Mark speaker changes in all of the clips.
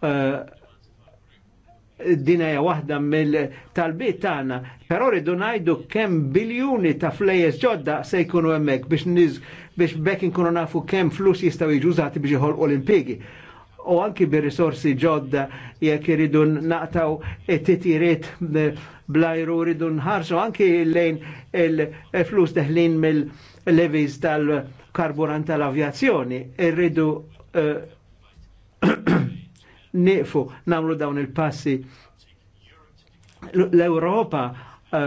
Speaker 1: Eh, dinaja wahda mill-talbiet tagħna, però rridu ngħidu kemm biljuni ta' flejes ġodda se jkunu hemmhekk biex niż biex bekk inkunu nafu kemm flus jistgħu jiġu użati biex iħolqu Olimpiki. U anki bir risorsi ġodda jekk iridu naqtaw titiriet blajru rridu nħarsu anki lejn il-flus deħlin mill-levis tal-karburant tal-avjazzjoni irridu eh, neqfu namlu dawn il-passi. L-Europa eh,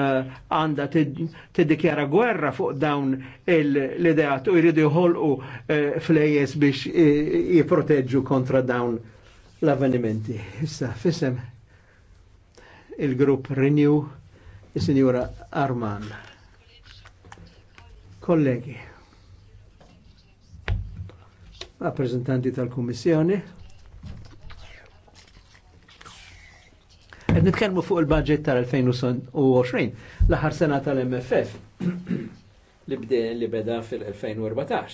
Speaker 1: għanda t-dikjara gwerra fuq dawn l-ideat u jridu jħolqu uh, flejes biex eh, jiproteġu kontra dawn l-avvenimenti. Issa, fissem il-grupp Renew, il-Sinjura Arman. Kollegi, rappresentanti tal kommissjoni Qed nitkellmu fuq il-budget tal-2020, l-aħħar sena tal-MFF li bde li beda fil-2014.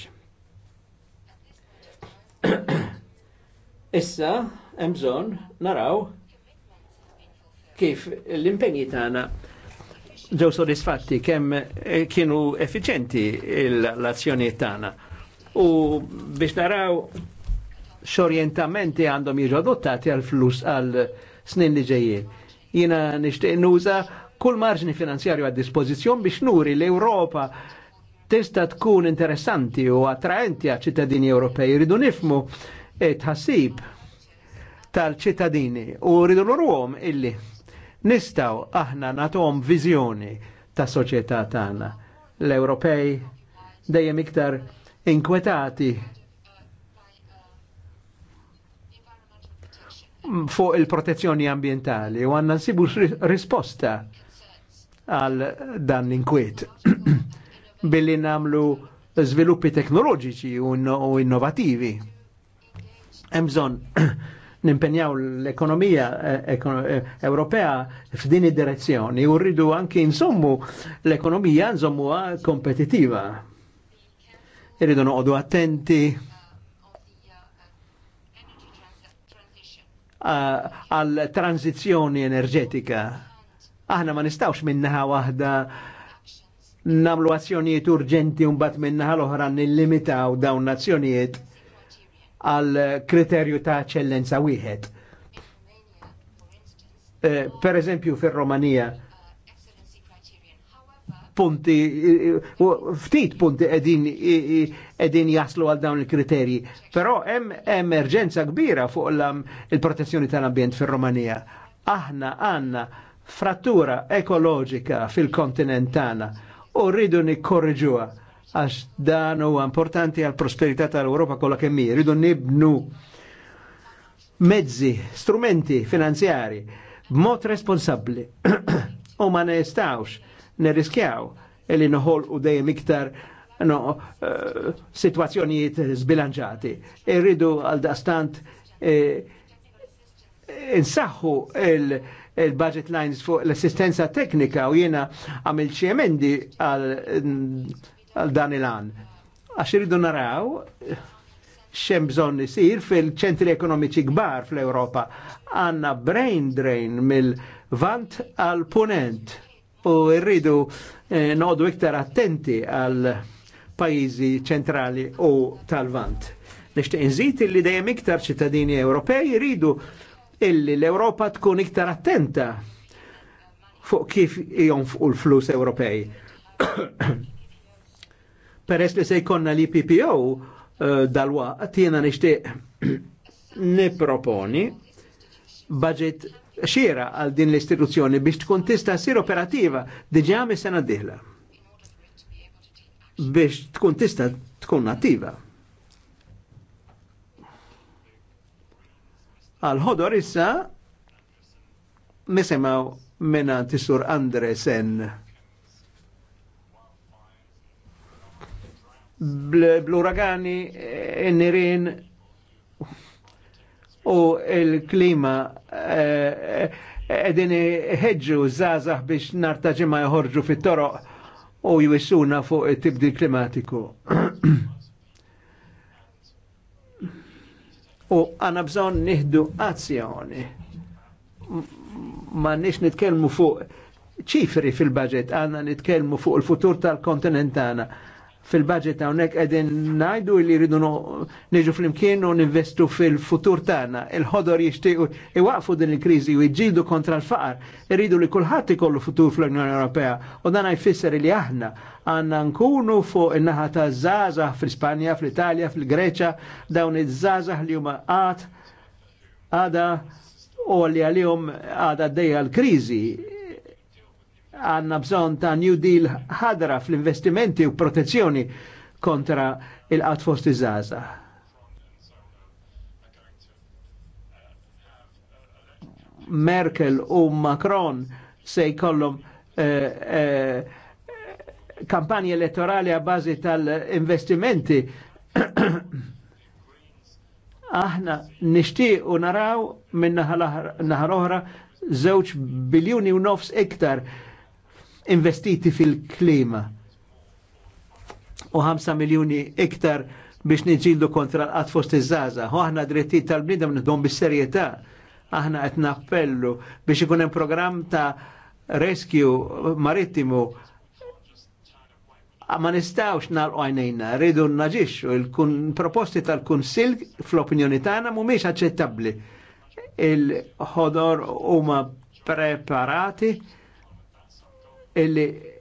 Speaker 1: Issa hemm bżonn naraw kif l impegni tagħna ġew sodisfatti kemm eh, kienu effiċenti l-azzjoni tagħna. U biex naraw x'orjentamenti għandhom jiġu adottati għal flus għal snin li ġejjin. Jina nishtiq nuża kull marġni finanzjarju għad dispożizzjon biex nuri l-Europa tista tkun interessanti u attraenti għal ċittadini Ewropej. Ridu nifmu tħassib tal-ċittadini u ridu l illi nistaw aħna natom viżjoni ta' soċjetà tagħna. L-Ewropej dejjem iktar inkwetati fuq il-protezzjoni ambientali u għanna nsibu risposta għal dan l-inkwiet billi namlu sviluppi teknoloġiċi u innovativi. Emżon nimpenjaw l-ekonomija eh, eh, Ewropea f'din id-direzzjoni u rridu anki insommu l-ekonomija nżommu kompetitiva. Irridu noqdu attenti għal tranzizjoni enerġetika. Aħna ma nistawx minnaħa wahda namlu azzjonijiet urġenti un bat minnaħa l-oħra nillimitaw dawn azzjonijiet għal kriterju ta' eccellenza wieħed. Eh, per eżempju, fil romanija punti, ftit punti edin, edin jaslu għal dawn il-kriterji. Però hemm emerġenza kbira fuq il-protezzjoni tal-ambjent fir-Romanija. Aħna għanna frattura ekoloġika fil-kontinent u rridu nikkorreġuha għax dan huwa importanti għal prosperità tal-Ewropa kollha kemm hi, rridu nibnu mezzi, strumenti finanzjari b'mod responsabbli u ma nistawx nirriskjaw illi noħol u dejjem iktar no, uh, situazzjonijiet zbilanċati. Irridu e għal dastant eh, insaħħu il- il-budget lines fuq l-assistenza teknika u jiena għamil emendi għal dan il-għan. Għax irridu naraw xem bżon nisir fil-ċentri ekonomiċi kbar fl-Europa. Għanna brain drain mill-vant għal-ponent u rridu eh, noqdu iktar attenti għal pajizi ċentrali u tal-vant. Nishtiq inżit li dejjem iktar ċittadini Ewropej rridu illi l-Ewropa tkun iktar attenta fuq kif jonfqu l-flus Ewropej. Peress li sejkonna li PPO uh, eh, dal-waqt jena nishtiq niproponi budget xiera għal din l-istituzzjoni biex tkun tista' sir operativa diġà mis-sena d-dieħla biex tkun tista tkun attiva. Għal-ħodor issa nisimaw minna tisur Andresen bl-uragani, eh, n-nirin, u il-klima eh, eh, edin ħedġu zazax biex nartaġima jħorġu fit-toroq u jwissuna fuq it-tibdil klimatiku. u għana bżon nihdu azzjoni. Ma nix nitkelmu fuq ċifri fil-budget, għana nitkelmu fuq il-futur tal-kontinentana fil-budget ta' hawnhekk qegħdin ngħidu li neġu niġu imkien u ninvestu fil-futur tagħna. Il-ħodor jixtiequ iwaqfu din il-kriżi u jġildu kontra l-faqar. Irridu li kulħadd ikollu futur fl-Unjoni Ewropea u dan jfisser li aħna għandna nkunu fuq in-naħa ta' żgħażagħ fl-Ispanja, fl-Italja, fil-Greċja, dawn iż-żgħażagħ li huma għad għada u li għalihom għada d-dejja l-kriżi għanna bżon ta' New Deal ħadra fl-investimenti u protezzjoni kontra il qatfost iż-żaza. Merkel u Macron se jkollhom eh, eh, kampanji elettorali a bażi tal-investimenti. Aħna u naraw minn naħar oħra żewġ biljuni u nofs iktar eh, investiti fil-klima u 5 miljoni iktar biex nġildu kontra l-qat fost iż-żaza. U aħna drittijiet tal-bnidem nidhom bis-serjetà. Aħna qed nappellu biex ikun hemm programm ta' rescue marittimu ma nistawx nalqu għajnejna, rridu n-naġix u l-kun proposti tal-Kunsil fl-opinjoni tagħna mhumiex aċċettabbli. Il-ħodor huma preparati illi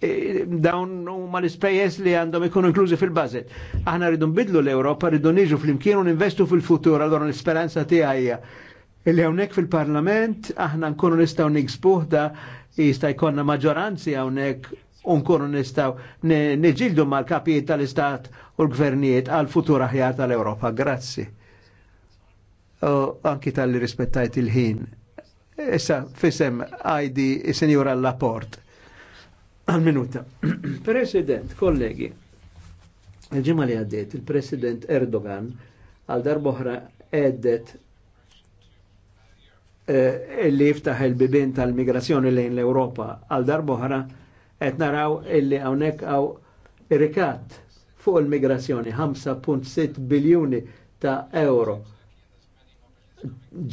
Speaker 1: eh, dawn ma l-ispejjeż li għandhom ikunu inklużi fil bazet Aħna rridu nbidlu l-Ewropa, rridu niġu fl-imkien u ninvestu fil-futur, allora l-isperanza ti għajja. illi hawnhekk fil-Parlament aħna nkunu nistgħu niksbuh da jista' jkollna maġġoranzi hawnhekk u nkunu nistgħu niġildu mal-kapijiet tal-Istat u l-gvernijiet għal futur aħjar tal-Ewropa. Grazzi. Anki tal-li rispettajt il-ħin Issa fisem il-senjura l Laport. Għal minuta. President, kollegi, il-ġimma li għaddiet, il-President Erdogan għal darboħra għeddet eh, li jiftaħ il-bibin tal-migrazzjoni lejn l-Europa għal darboħra qed naraw illi hawnhekk għaw rikat fuq il-migrazzjoni 5.6 biljuni ta' euro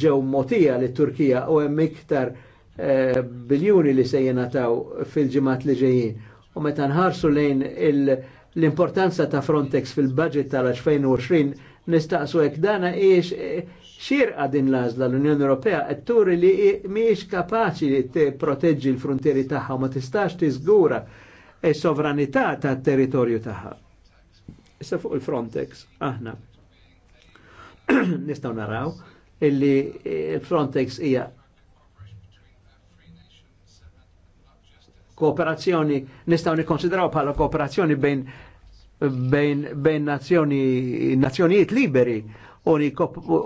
Speaker 1: ġew motija li Turkija u hemm iktar eh, biljuni li se jingħataw fil ġimgħat li ġejjin. U meta nħarsu lejn l-importanza ta' Frontex fil-budget tal-2020 nistaqsu hekk dana iex eh, xirqa din l-għażla l-Unjoni Ewropea qed turi li mhijiex kapaċi li tipproteġġi l-frontieri tagħha ma tistax tiżgura s-sovranità tat-territorju tagħha. Issa fuq il-Frontex aħna nistgħu naraw illi eh, Frontex hija kooperazzjoni nistgħu nikkonsidraw bħala kooperazzjoni bejn bejn bejn nazzjoni nazzjonijiet liberi u jiġu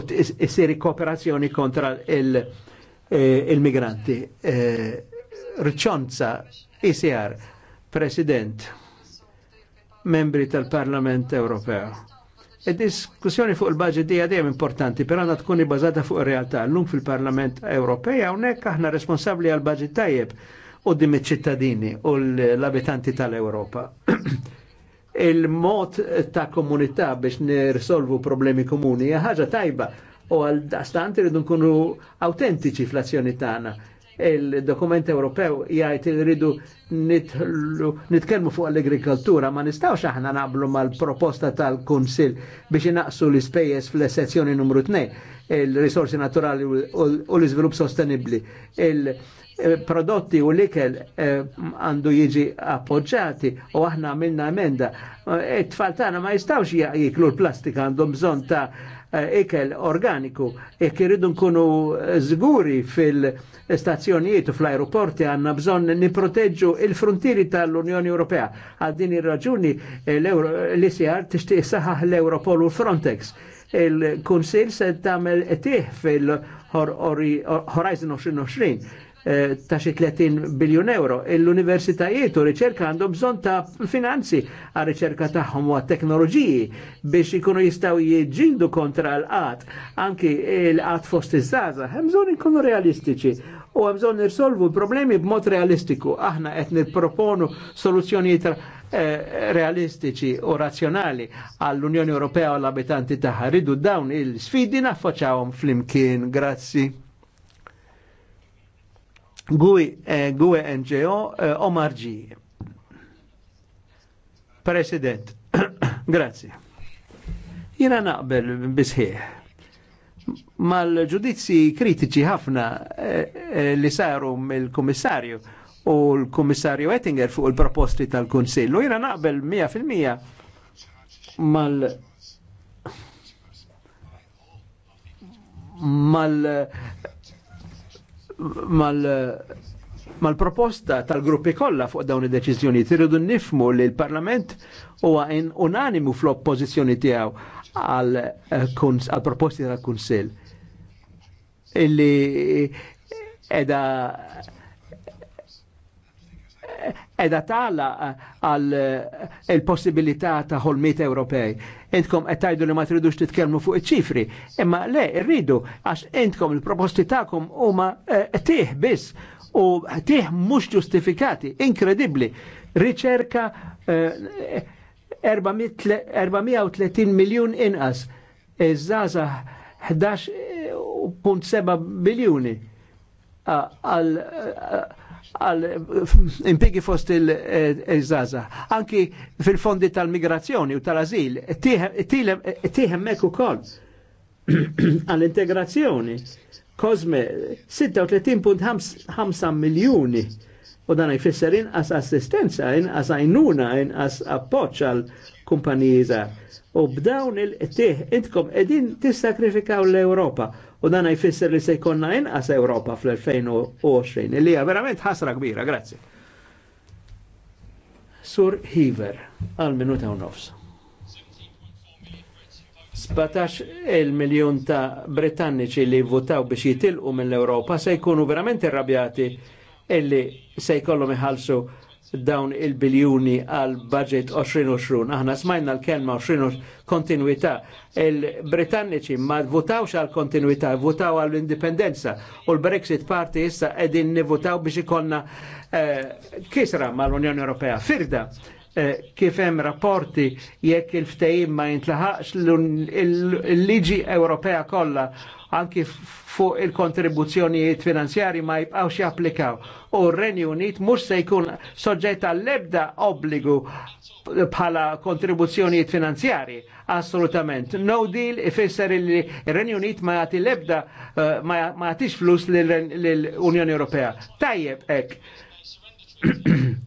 Speaker 1: u issiri kooperazzjoni kontra eh, il-migranti. Eh, Rċonza, ICR, President, membri tal-Parlament Ewropew Diskussjoni fuq il-budget dija dejjem importanti, però għandha tkun ibbażata fuq ir-realtà. Llum fil-Parlament Ewropej hawnhekk aħna responsabbli għal budget tajjeb qudiem iċ-ċittadini u l-abitanti tal-Ewropa. Il-mod ta' komunità biex nirsolvu problemi komuni hija ħaġa tajba u għal dastant irridu nkunu autentiċi fl-azzjoni tagħna il-dokument Ewropew jgħid irridu nitkellmu fuq l-agrikoltura ma nistgħux aħna naqblu mal-proposta tal-Kunsill biex inaqsu l-ispejjeż fl-sezzjoni numru 2 il-risorsi naturali u l-iżvilupp sostenibbli. Il-prodotti u l-ikel eh, għandu jiġi appoġġati u aħna għamilna emenda. Eh, it tfaltana ma jistawx jiklu l-plastika għandhom bżon ta' Eh, ikel organiku e kiridu nkunu zguri fil-stazzjonijiet u fl-aeroporti għanna bżon niproteġu il frontiri tal-Unjoni Ewropea. Għal din ir-raġuni l-ICR tixtieq saħaħ l-Europol u Frontex il-Kunsil se tagħmel tieħ fil-Horizon 2020 Eh, ta' xi 30 biljun euro. L-universitajiet u riċerka għandhom bżonn ta' finanzi għal riċerka tagħhom u teknoloġiji biex ikunu jistgħu jiġġieldu kontra l-qat, anki l-qat fost iż-żgħażagħ, hemm bżonn ikunu realistiċi u bżonn nirsolvu problemi b'mod realistiku. Aħna qed nirproponu soluzzjonijiet eh, realistiċi u razzjonali għall-Unjoni Ewropea u l-abitanti tagħha. Ridu dawn il-sfidi naffaċawhom flimkien. Grazzi. GUI, eh, GUI NGO eh, Omar G. President, grazie. Jina naqbel bisħieħ. Mal-ġudizzi kritiċi ħafna eh, eh li saru mill-Kummissarju u l-Kummissarju Ettinger fuq il-proposti tal-Kunsill. U jina naqbel 100% mal- mal mal-proposta mal proposta tal gruppi kollha fuq dawn id-deċiżjoni tiridu nifmu li l-Parlament huwa unanimu fl-oppożizzjoni tiegħu eh, għal proposti tal-Kunsill illi edha edha taħla eh, għal eh, il-possibilità ta' ħolmiet Ewropej. Intkom qed tajdu li ma tridux titkellmu fuq iċ-ċifri, imma le rridu għax intkom il-proposti tagħkom huma eh, tih biss u tih mhux ġustifikati, inkredibbli. Riċerka 430 miljun inqas, iż-żaza 11.7 biljuni għal għal eh, impigi fost il-żaza. Eh, Anki fil-fondi tal-migrazzjoni u tal-azil, tiħemmek u kol għall-integrazzjoni. Kozme, 36.5 miljoni U dan jfisser inqas assistenza, inqas għajnuna, inqas appoċ għal kumpanijiza. U b'dawn il-tih intkom edin t-sakrifikaw l europa U dan jfisser li sejkonna jkollna inqas Europa fl-2020. Illi hija verament ħasra kbira, grazzi. Sur Hiver, għal minuta u nofs. 17 miljon ta' Britanniċi li votaw biex jitilqu mill europa se jkunu verament irrabjati illi se jkollhom iħallsu dawn il-biljuni għal budget 2020. Aħna smajna l-kelma 20 kontinuità. Il-Britanniċi ma votawx għal kontinuità, votaw għal indipendenza u l-Brexit parti issa edin nivotaw biex ikonna eh, kisra mal-Unjoni Ewropea. Firda, Eh, kif hemm rapporti jekk il-ftehim ma jintlaħaqx l liġi Ewropea kollha anki fuq il-kontribuzzjonijiet finanzjari ma jibqawx japplikaw. U r-Renju Unit mhux se jkun soġġett għall-ebda obbligu bħala kontribuzzjonijiet finanzjari. Assolutament. No deal ifisser li r-Renju Unit ma jagħti l-ebda eh, ma jagħtix flus lill-Unjoni Ewropea. Tajjeb hekk.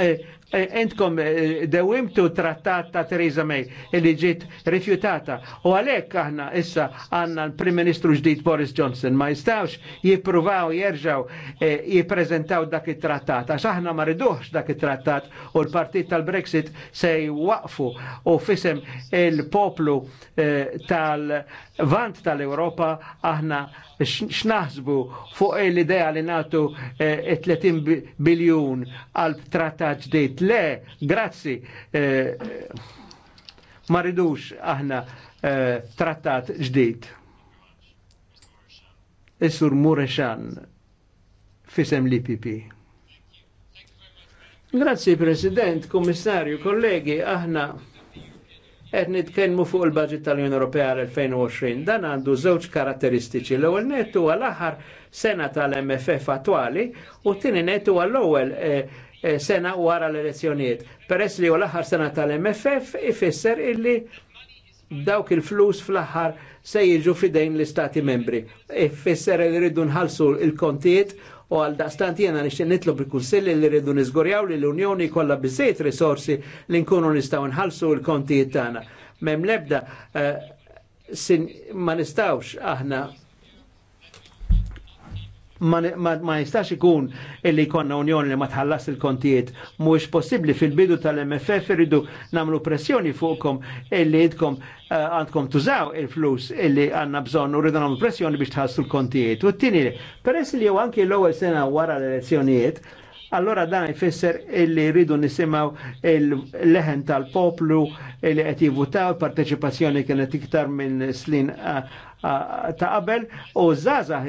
Speaker 1: Eh, entkom eh, dewimtu trattat ta' Theresa May illi ġiet rifjutata. U għalhekk aħna issa għandna l-Prim Ministru ġdid Boris Johnson ma jistawx jippruvaw jerġaw eh, jippreżentaw dak it-trattat għax aħna ma riduħx dak it-trattat u l-partit tal-Brexit se jwaqfu u fisem il-poplu eh, tal-vant tal-Europa aħna xnaħsbu fuq l-idea li natu 30 biljun għal trattat ġdid Le, grazzi. Eh, ma ridux aħna eh, trattat ġdid. Isur Mureshan, fisem l-IPP. Grazzi President, Kommissarju, kollegi, aħna qed nitkellmu fuq il-budget tal-Unjoni Ewropea l-2020. Dan għandu żewġ karatteristiċi. L-ewwel nettu għal aħħar sena tal-MFF attwali u t-tieni net huwa ewwel eh, Eh, sena wara l-elezzjonijiet. Peress li u l-aħħar sena tal-MFF ifisser illi dawk il-flus fl-aħħar se jiġu fidejn l-istati membri. Ifisser li rridu nħalsu il kontiet u għal daqstant jena nixtieq nitlu il-Kunsilli li rridu nizgurjaw li l-Unjoni kollha biżejt risorsi li nkunu nistgħu nħallsu l-kontijiet tagħna. Mem lebda eh, ma nistawx aħna ma, ma, ma jistax ikun illi konna unjoni li ma tħallas il-kontijiet. Mux possibli fil-bidu tal-MFF rridu namlu pressjoni fuqkom illi idkom eh, għandkom uh, tużaw il-flus illi għanna bżon u rridu namlu pressjoni biex tħassu l-kontijiet. U t-tini, li, peress li jew anki l ewel sena wara l-elezzjonijiet, allora dan jfisser illi rridu nisimaw il-leħen tal-poplu illi qed jivutaw, il-parteċipazzjoni kienet iktar minn slin eh, ta' qabel u zazah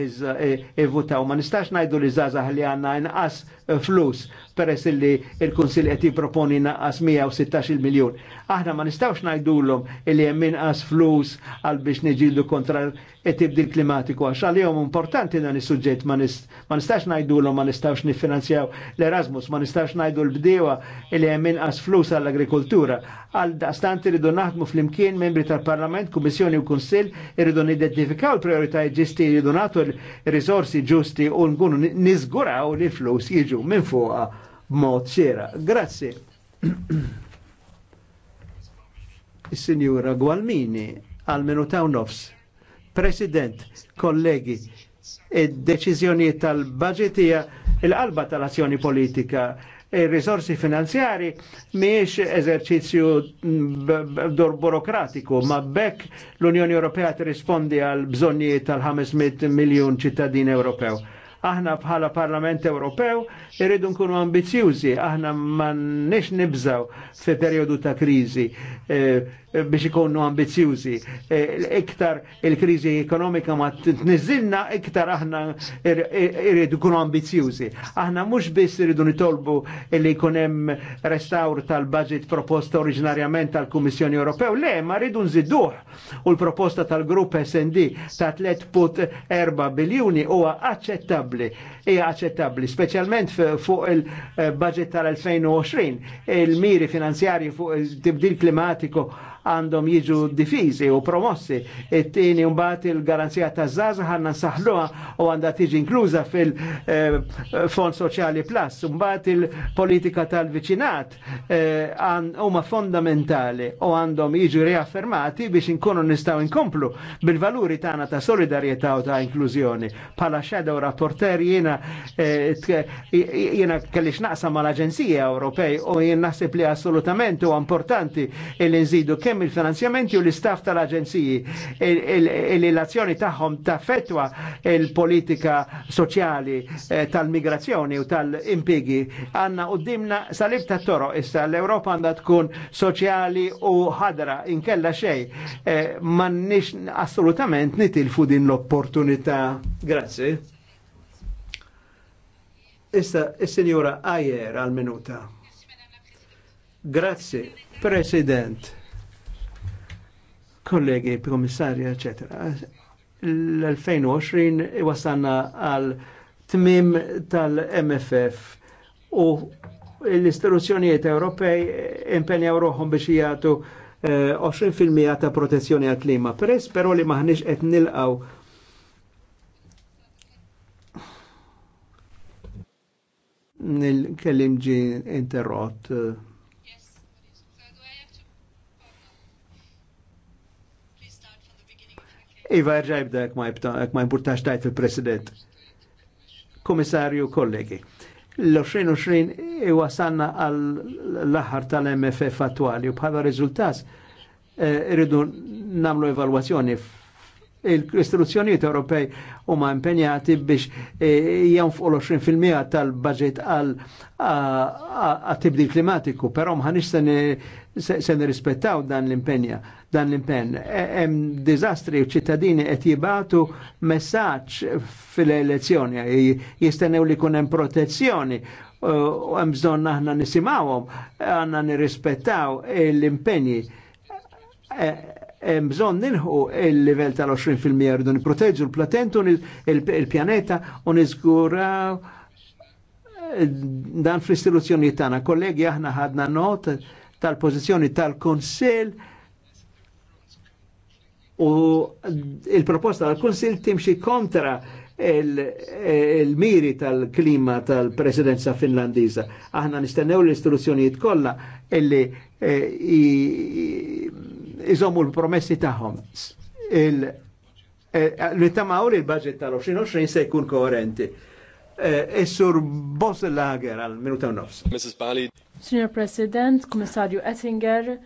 Speaker 1: e, votaw Ma nistax najdu li zazah li għanna inqas e, flus peress li il-Kunsil qed jipproponi naqas 116 miljon. Aħna ma nistax najdulhom li hemm minqas flus għal biex neġildu kontra it-tibdil klimatiku għax għalihom importanti dan is-suġġett ma nistax najdulhom ma nistax niffinanzjaw l-Erasmus, ma nistax najdu l-bdewa li hemm inqas flus għall-agrikoltura. Għal daqstant irridu naħdmu fl-imkien membri tal-Parlament, Kummissjoni u Kunsil irridu nidentifikaw il-prioritajiet ġisti li donatu l-risorsi ġusti u nkunu nizguraw li flus jiġu minn fuqa mod xera. Grazie. Signora Gualmini għal minuta u nofs. President, kollegi, id deċizjoni tal-budget il l-qalba tal-azzjoni politika risorsi finanzjari miex eżerċizzju dor burokratiku, ma bekk l-Unjoni Ewropea tirrispondi għal bżonnijiet tal-500 miljon ċittadin Ewropew aħna bħala Parlament Ewropew irridu nkunu ambizjużi, aħna ma nix nibżaw fi periodu ta' krizi. Eh, Eh, biex ikonu ambizjuzi. Eh, iktar il-krizi ekonomika ma t-nizzilna, iktar aħna irridu kunu ambizjużi. Aħna mux biss irridu nitolbu li kunem restaur tal-budget proposta oriġinarjament tal-Kummissjoni Ewropew, le, ma rridu nzidduħ U l-proposta tal-grupp SND ta' 3.4 biljuni huwa aċċettabbli hija aċċettabbli, speċjalment fuq il-budget tal-2020. Il-miri finanzjarji fuq il-tibdil klimatiku għandhom jiġu difiżi u promossi. It-tieni mbagħad il-garanzija ta' żgħażagħ ħanna nsaħħluha u għandha tiġi inkluża fil-Fond eh, Soċjali Plus. Mbagħad il-politika tal-viċinat eh, huma fondamentali u għandhom jiġu riaffermati biex inkunu nistgħu inkomplu bil-valuri tagħna ta' solidarjetà u ta' inklużjoni. Pala shadow rapporter jiena jena jiena kelli x'naqsam l aġenzija Ewropej u jien naħseb li assolutament u importanti li nżidu kemm il-finanzjamenti u l-istaff tal-Aġenziji l azzjoni tagħhom taffettwa il-politika soċjali eh, tal-migrazzjoni u tal-impigi għanna u dimna salib ta' toro issa l-Ewropa għanda tkun soċjali u ħadra inkella xej eh, ma nix assolutament nitilfu din l-opportunità. Grazie. Issa, il-Sinjura Ajer għal-minuta. Grazzi, President, kollegi, komissarja, ecc. L-2020 wasanna għal tmim tal-MFF u l-istituzzjonijiet Ewropej impenjaw ruħhom biex jgħatu eh, 20% ta' protezzjoni għal klima. Peress però li maħniex qed nilqaw nil-kellim interrot. Iva, rġajb da' jek ma jimportax tajt fil-president. Komissarju, kollegi, l-2020 i wasanna għall-laħar tal-MFF attuali u bħala rizultat eh, irridu namlu evalwazzjoni l istituzzjonijiet Ewropej huma impenjati biex e, jonfqu l-20% tal-budget għal tibdil klimatiku, però mħanix se nirrispettaw dan l-impenja, dan l-impenn. Hemm diżastri u ċittadini qed jibatu messaġġ fil-elezzjoni e, jistennew li kun hemm protezzjoni u hemm bżonn aħna nisimgħuhom, għandna nirrispettaw l-impenji e, bżon nilħu il-level tal-20% rridu niproteġu l platentu il-pjaneta u nizgura eh, dan fl-istituzzjoni tagħna. Kollegi aħna ħadna not tal-pożizzjoni tal-Konsill u il-proposta tal-Konsill timxi kontra il-miri il miri tal tal-presidenza finlandiza. Aħna nistennew l-istituzzjonijiet kollha illi eh, iżommu l-promessi tagħhom. Eh, eh, li tamaw li l-budget tal 20 se jkun koerenti. Eh, is-sur Boss Lager għal minuta nofs.
Speaker 2: Mrs. Bali.
Speaker 3: Sr. President, Komissarju Ettinger,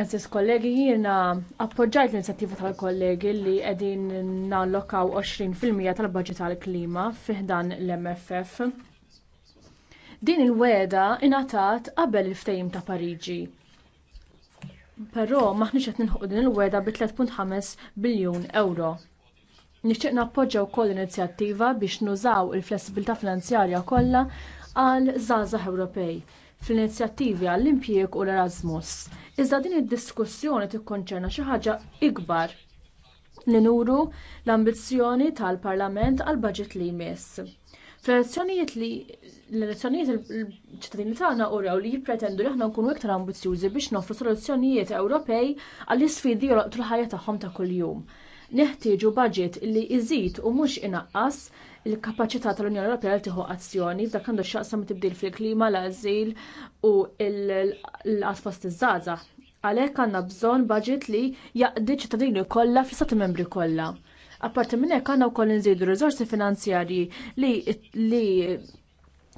Speaker 3: Eżis kollegi, jina appoġġajt l-inizjattiva tal-kollegi li edin nallokaw 20% tal-budget tal-klima fiħdan l-MFF. Din il-weda inatat qabel il-ftejim ta' Pariġi Però maħniċ qed ninħuq din il-weda bi 3.5 biljun euro. Nixtieq nappoġġja wkoll inizjattiva biex nużaw il-flessibilità finanzjarja kollha għal żgħażagħ Ewropej fl-inizjattivi għall-impjieg u l-Erasmus. Iżda din id-diskussjoni tikkonċerna xi ħaġa ikbar li nuru l-ambizzjoni tal-Parlament għall baġit li jmiss. Fl-elezzjonijiet li l-elezzjonijiet il-ċittadini tagħna uraw li jippretendu li aħna nkunu iktar ambizjużi biex nofru soluzzjonijiet Ewropej għall isfidi joroqtu l-ħajja tagħhom ta' kuljum. Neħtieġu budget li jżid u mhux inaqqas il-kapaċità tal-Unjoni Ewropea li tieħu azzjoni f'dak għandu ma tibdil fil-klima, l-ażil u l-qasfas tiż-żgħażagħ. Għalhekk għandna bżonn budget li jaqdi ċittadini kollha fl istati Membri kollha. Apparti minn hekk għandna wkoll inżidu riżorsi finanzjarji li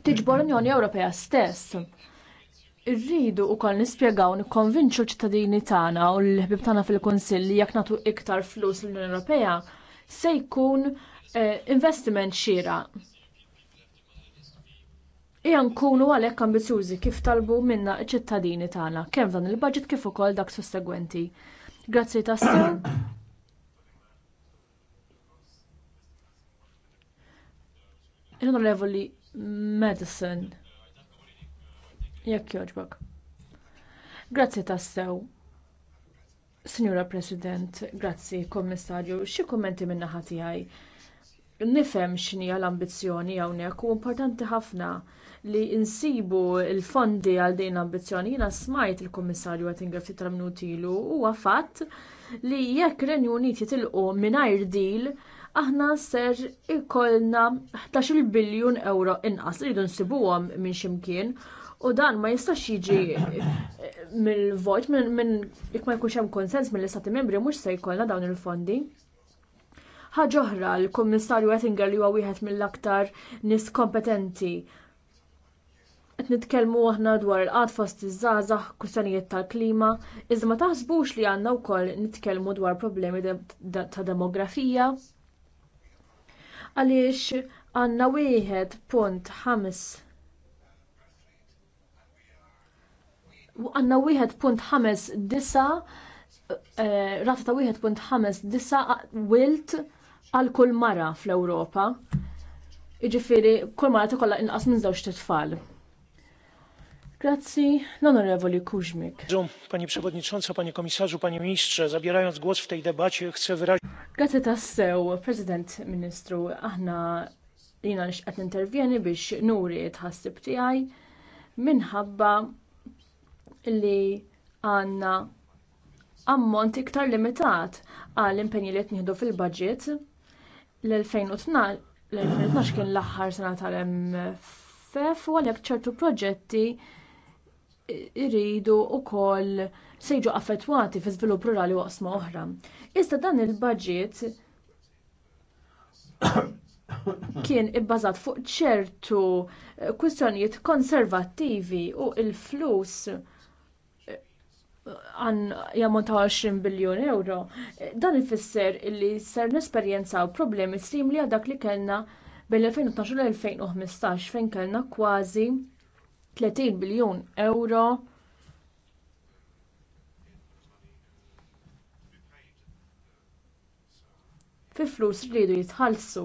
Speaker 3: tiġbor l-Unjoni Ewropea stess. Irridu wkoll nispjegaw nikkonvinċu ċittadini tagħna u l-ħbib tagħna fil-Kunsill li jekk nagħtu iktar flus l-Unjoni Ewropea se jkun eh, investiment xira. Ija nkunu għalhekk ambizjużi kif talbu minna ċittadini tagħna, kemm dan il-budget kif ukoll dak sussegwenti. Grazzi tassi. Il-onorevoli Medicine. Jekk jogħġbok. Grazzi tassew. Signora President, grazzi Kommissarju, xi kummenti minn naħa tiegħi. Nifhem x'inhi l-ambizzjoni hawnhekk u importanti ħafna li insibu l-fondi għal din l-ambizzjoni. Jiena smajt il-Kummissarju Oettinger ftit minuti ilu huwa fatt li jekk Renju Unit jitilqu mingħajr deal aħna ser ikollna 11 biljun euro inqas li jridu nsibuhom minn ximkien u dan ma jistax jiġi eh, mill-vot minn jekk ma jkunx hemm konsens mill-istati membri mhux se jkollna dawn il-fondi. Ħaġa oħra, l-Kummissarju Ettinger li huwa wieħed mill-aktar nies kompetenti qed nitkellmu aħna dwar il-qad fost iż-żgħażagħ, kwistjonijiet tal-klima, iżda ma taħsbux li għandna wkoll nitkellmu dwar problemi ta' demografija għaliex għandna wieħed punt ħames għandna wieħed punt ħames disa eh, rata ta' wieħed punt ħames disa wilt għal kull mara fl-Ewropa. Jiġifieri kull mara tikolla inqas minn żewġ tfal. Grazzi, l-Onorevoli Kuźmik. Pani Przewodnicząca, Panie Komisarzu, Panie Ministrze, zabierając głos w tej debacie, chcę wyrazić... Grazzi tassew, Prezydent Ministru, aħna jina qed intervjeni biex nuri tħassib tiegħi minħabba li għanna ammont iktar limitat għal impenji li tnieħdu fil-budget l-2012 l-2012 kien l-aħħar sena tal-MFF u għalhekk ċertu proġetti iridu wkoll se jiġu affettwati fi żvilupp rurali waqsma oħra. Iżda dan il-budget kien ibbażat fuq ċertu eh, kwistjonijiet konservattivi u l flus eh, għan jammontaw 20 biljon euro. Eh, dan ifisser li ser nesperjenzaw problemi simli għal dak li kellna bejn 2012 u 2015 fejn kellna kważi 30 biljun euro fi flus rridu jitħallsu.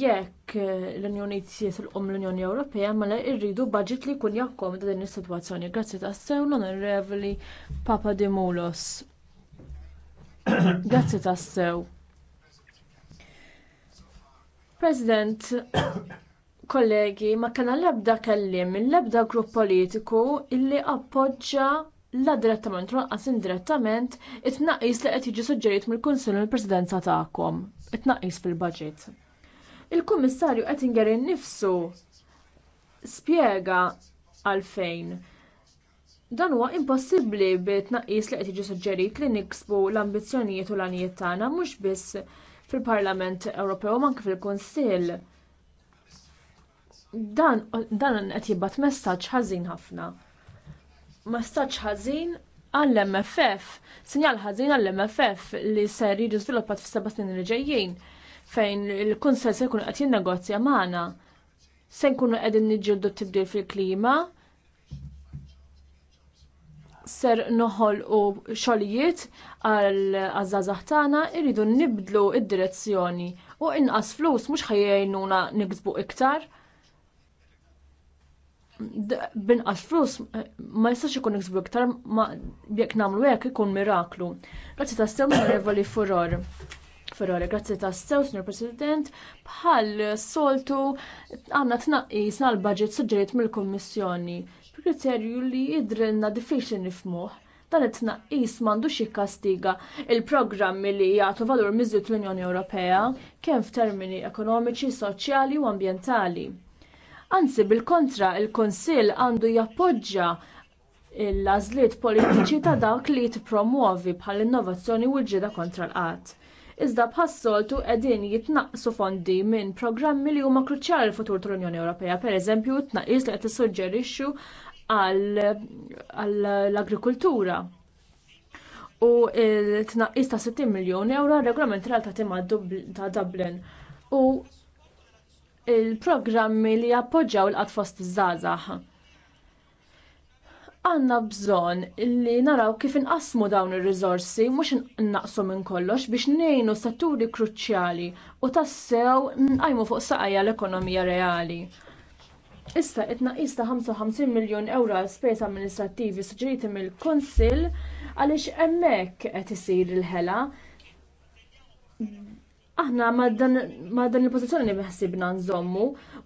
Speaker 3: Jekk l-Unjoni jisilqom l-Unjoni Ewropea mela irridu budget li jkun jakkomoda din is-sitwazzjoni. Grazzi tassew l-Onorevoli Mulos. Grazzi tassew. President, kollegi, ma kena l-ebda kellim, l-ebda grupp politiku illi appoġġa la direttament, lanqas indirettament, it-naqis li qed jiġi suġġerit mill-Kunsill il-Presidenza tagħkom, it-naqis fil-budget. Il-Kummissarju Ettinger innifsu spjega għalfejn. Dan huwa impossibbli bi tnaqqis li qed jiġi suġġerit li niksbu l-ambizzjonijiet u l-għanijiet tagħna mhux biss fil-Parlament Ewropew ma anke fil-Kunsill dan qed jibgħat messaġġ ħażin ħafna. Messaġġ ħażin għall-MFF, sinjal ħażin għall-MFF li ser jiġi żviluppat fis-seba' snin li ġejjin fejn il-Kunsell se jkun qed jinnegozja magħna. Se nkunu qegħdin niġġieldu tibdil fil-klima, ser noħol u xolijiet għal għazzazax tagħna irridu nibdlu id-direzzjoni u inqas flus mhux ħajjejnuna niksbu iktar binqas flus eh, ma jistax ikun iksbu iktar ma jekk nagħmlu hekk ikun miraklu. Grazzi ta' sew onorevoli furor. Furor, grazzi ta' sew, Sr. President, bħal soltu għandna tnaqqis l budget suġġeriet mill-Kummissjoni. Kriterju li jidrilna diffiċli nifmuħ dan it-tnaqqis m'għandux jikkastiga il-programmi li jagħtu valur miżjud l-Unjoni Ewropea kemm f'termini ekonomiċi, soċjali u ambjentali Anzi, bil-kontra, il-Konsil għandu jappoġġa l-għażliet politiċi ta' dawk li tippromuovi bħal innovazzjoni u l-ġida kontra l-qatt. Iżda bħas-soltu qegħdin jitnaqqsu fondi minn programmi li huma kruċjali l futur tal-Unjoni Ewropea, pereżempju t-tnaqqis li qed issuġġerixxu għall-agrikultura. U t-tnaqqis ta' 60 miljun euro regolament tal ta' Dublin. U il-programmi li jappoġġjaw il-qatt fost iż-żgħażagħ. Għandna bżonn li naraw kif inqasmu dawn ir-riżorsi mhux innaqsu minn kollox biex ngħinu setturi kruċjali u tassew nqajmu fuq saqajja l-ekonomija reali. Issa qed tnaqqis ta' 55 miljun euro għal spejs amministrattivi suġġeriti mill-Kunsill għaliex hemmhekk qed isir il-ħela aħna ma dan il-pozizjoni meħsibna nżommu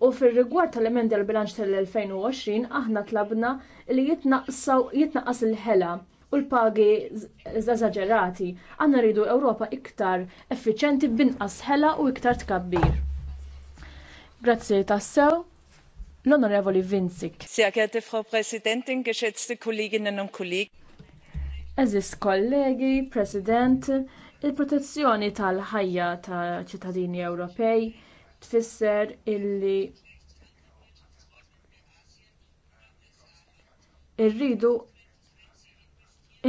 Speaker 3: u fil-rigward tal-emendi għal-bilanċ tal-2020 aħna tlabna li jitnaqqas il-ħela u l-pagi zazagġerati. Aħna rridu Ewropa iktar effiċenti b'inqas ħela u iktar tkabbir. Grazzi tassew. L-Onorevoli Vinzik. Sehr geehrte Frau Presidentin, geschätzte Kolleginnen und Kollegen. Eżis kollegi, President, il-protezzjoni tal-ħajja ta' ċittadini Ewropej tfisser illi irridu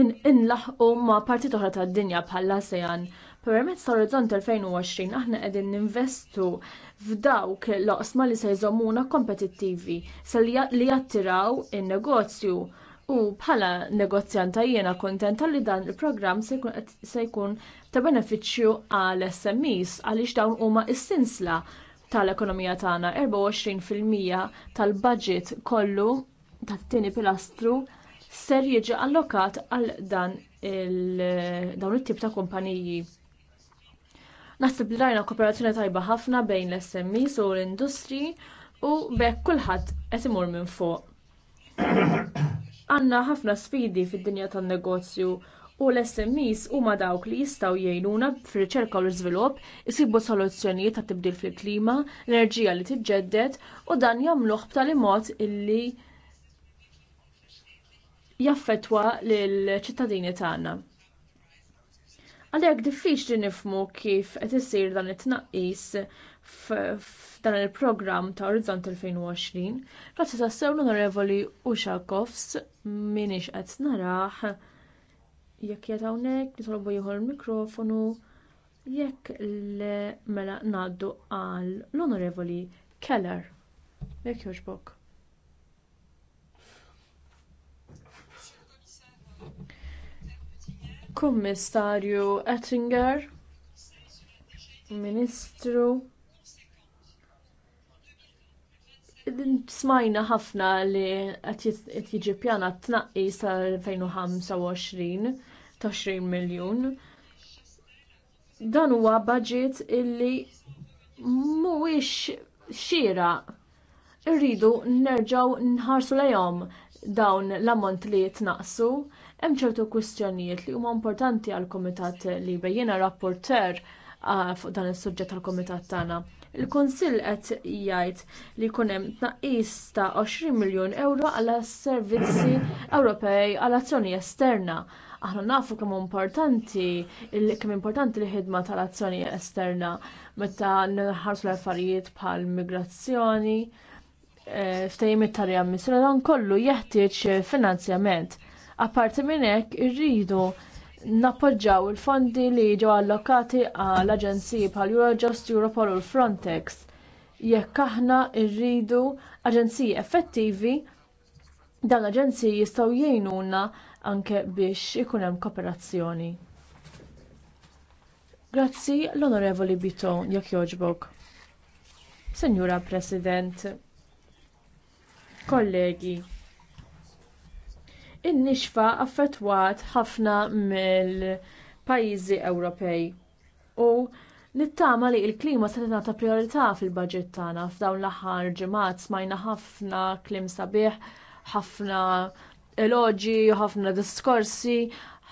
Speaker 3: inlaħqu ma' partit oħra tad-dinja bħala asean Permezz ta' Orizzont 2020 aħna qegħdin ninvestu f'dawk l-oqsma li se jżommuna kompetittivi se li jattiraw in-negozju U bħala negozjanta jiena kontenta li dan il-programm se jkun ta' benefiċċju għal SMEs għaliex dawn huma s-sinsla tal-ekonomija tagħna 24% tal-budget kollu tat-tieni pilastru ser jiġi allokat għal dan dawn it-tip ta' kumpaniji. Naħseb li rajna kooperazzjoni tajba ħafna bejn l-SMEs u l-industri u bekk kulħadd qed imur minn fuq. Għandna ħafna sfidi fid-dinja tan-negozju u l-SMEs huma dawk li jistgħu jgħinuna fir-riċerka u l-iżvilupp, isibu soluzzjonijiet ta' tibdil fil-klima, l-enerġija li tiġġedded u dan jagħmluh b'tali mod illi jaffettwa lill ċittadini tagħna. Għalhekk diffiċli nifmu kif qed isir dan it-tnaqqis f'dan il-programm ta' Orizzont 2020. Grazzi ta' sew l-Onorevoli Ushakovs minix qed narah jekk jgħet hawnhekk nitolbu jieħu l-mikrofonu jekk le mela ngħaddu għal l-Onorevoli Keller. Jekk jogħġbok. kummissarju Oettinger, Ministru. Smajna ħafna li qed jiġi pjana tnaqqis tal-2025 ta' 20 miljun. Dan huwa budget illi mhuwiex xira irridu nerġgħu nħarsu lejhom dawn l-ammont li jitnaqsu Hemm ċertu kwistjonijiet li huma importanti għall kumitat li jiena rapporter fuq dan is-suġġett tal-Kumitat tagħna. Il-Kunsill qed jgħid li jkun hemm tnaqqis ta' 20 miljun euro għal servizzi Ewropej għal azzjoni esterna. Aħna nafu kemm importanti kemm importanti l-ħidma tal-azzjoni esterna meta nħarsu l-affarijiet bħal migrazzjoni, eh, it-tarja missjoni dan kollu jeħtieġ finanzjament Apparti minn hekk irridu nappoġġaw il-fondi li ġew allokati għall aġenziji bħal Eurojust, Europol u Frontex. Jekk aħna rridu aġenziji effettivi, dan l-aġenziji jistgħu jgħinuna anke biex ikun hemm kooperazzjoni. Grazzi l-Onorevoli Bito, jekk jogħġbok. Senjura President, kollegi, in-nixfa affettwat ħafna mill-pajjiżi Ewropej u nittama li l-klima se tingħata priorità fil-baġġett tagħna f'dawn l-aħħar ġimgħat smajna ħafna kliem sabiħ, ħafna eloġi, ħafna diskorsi,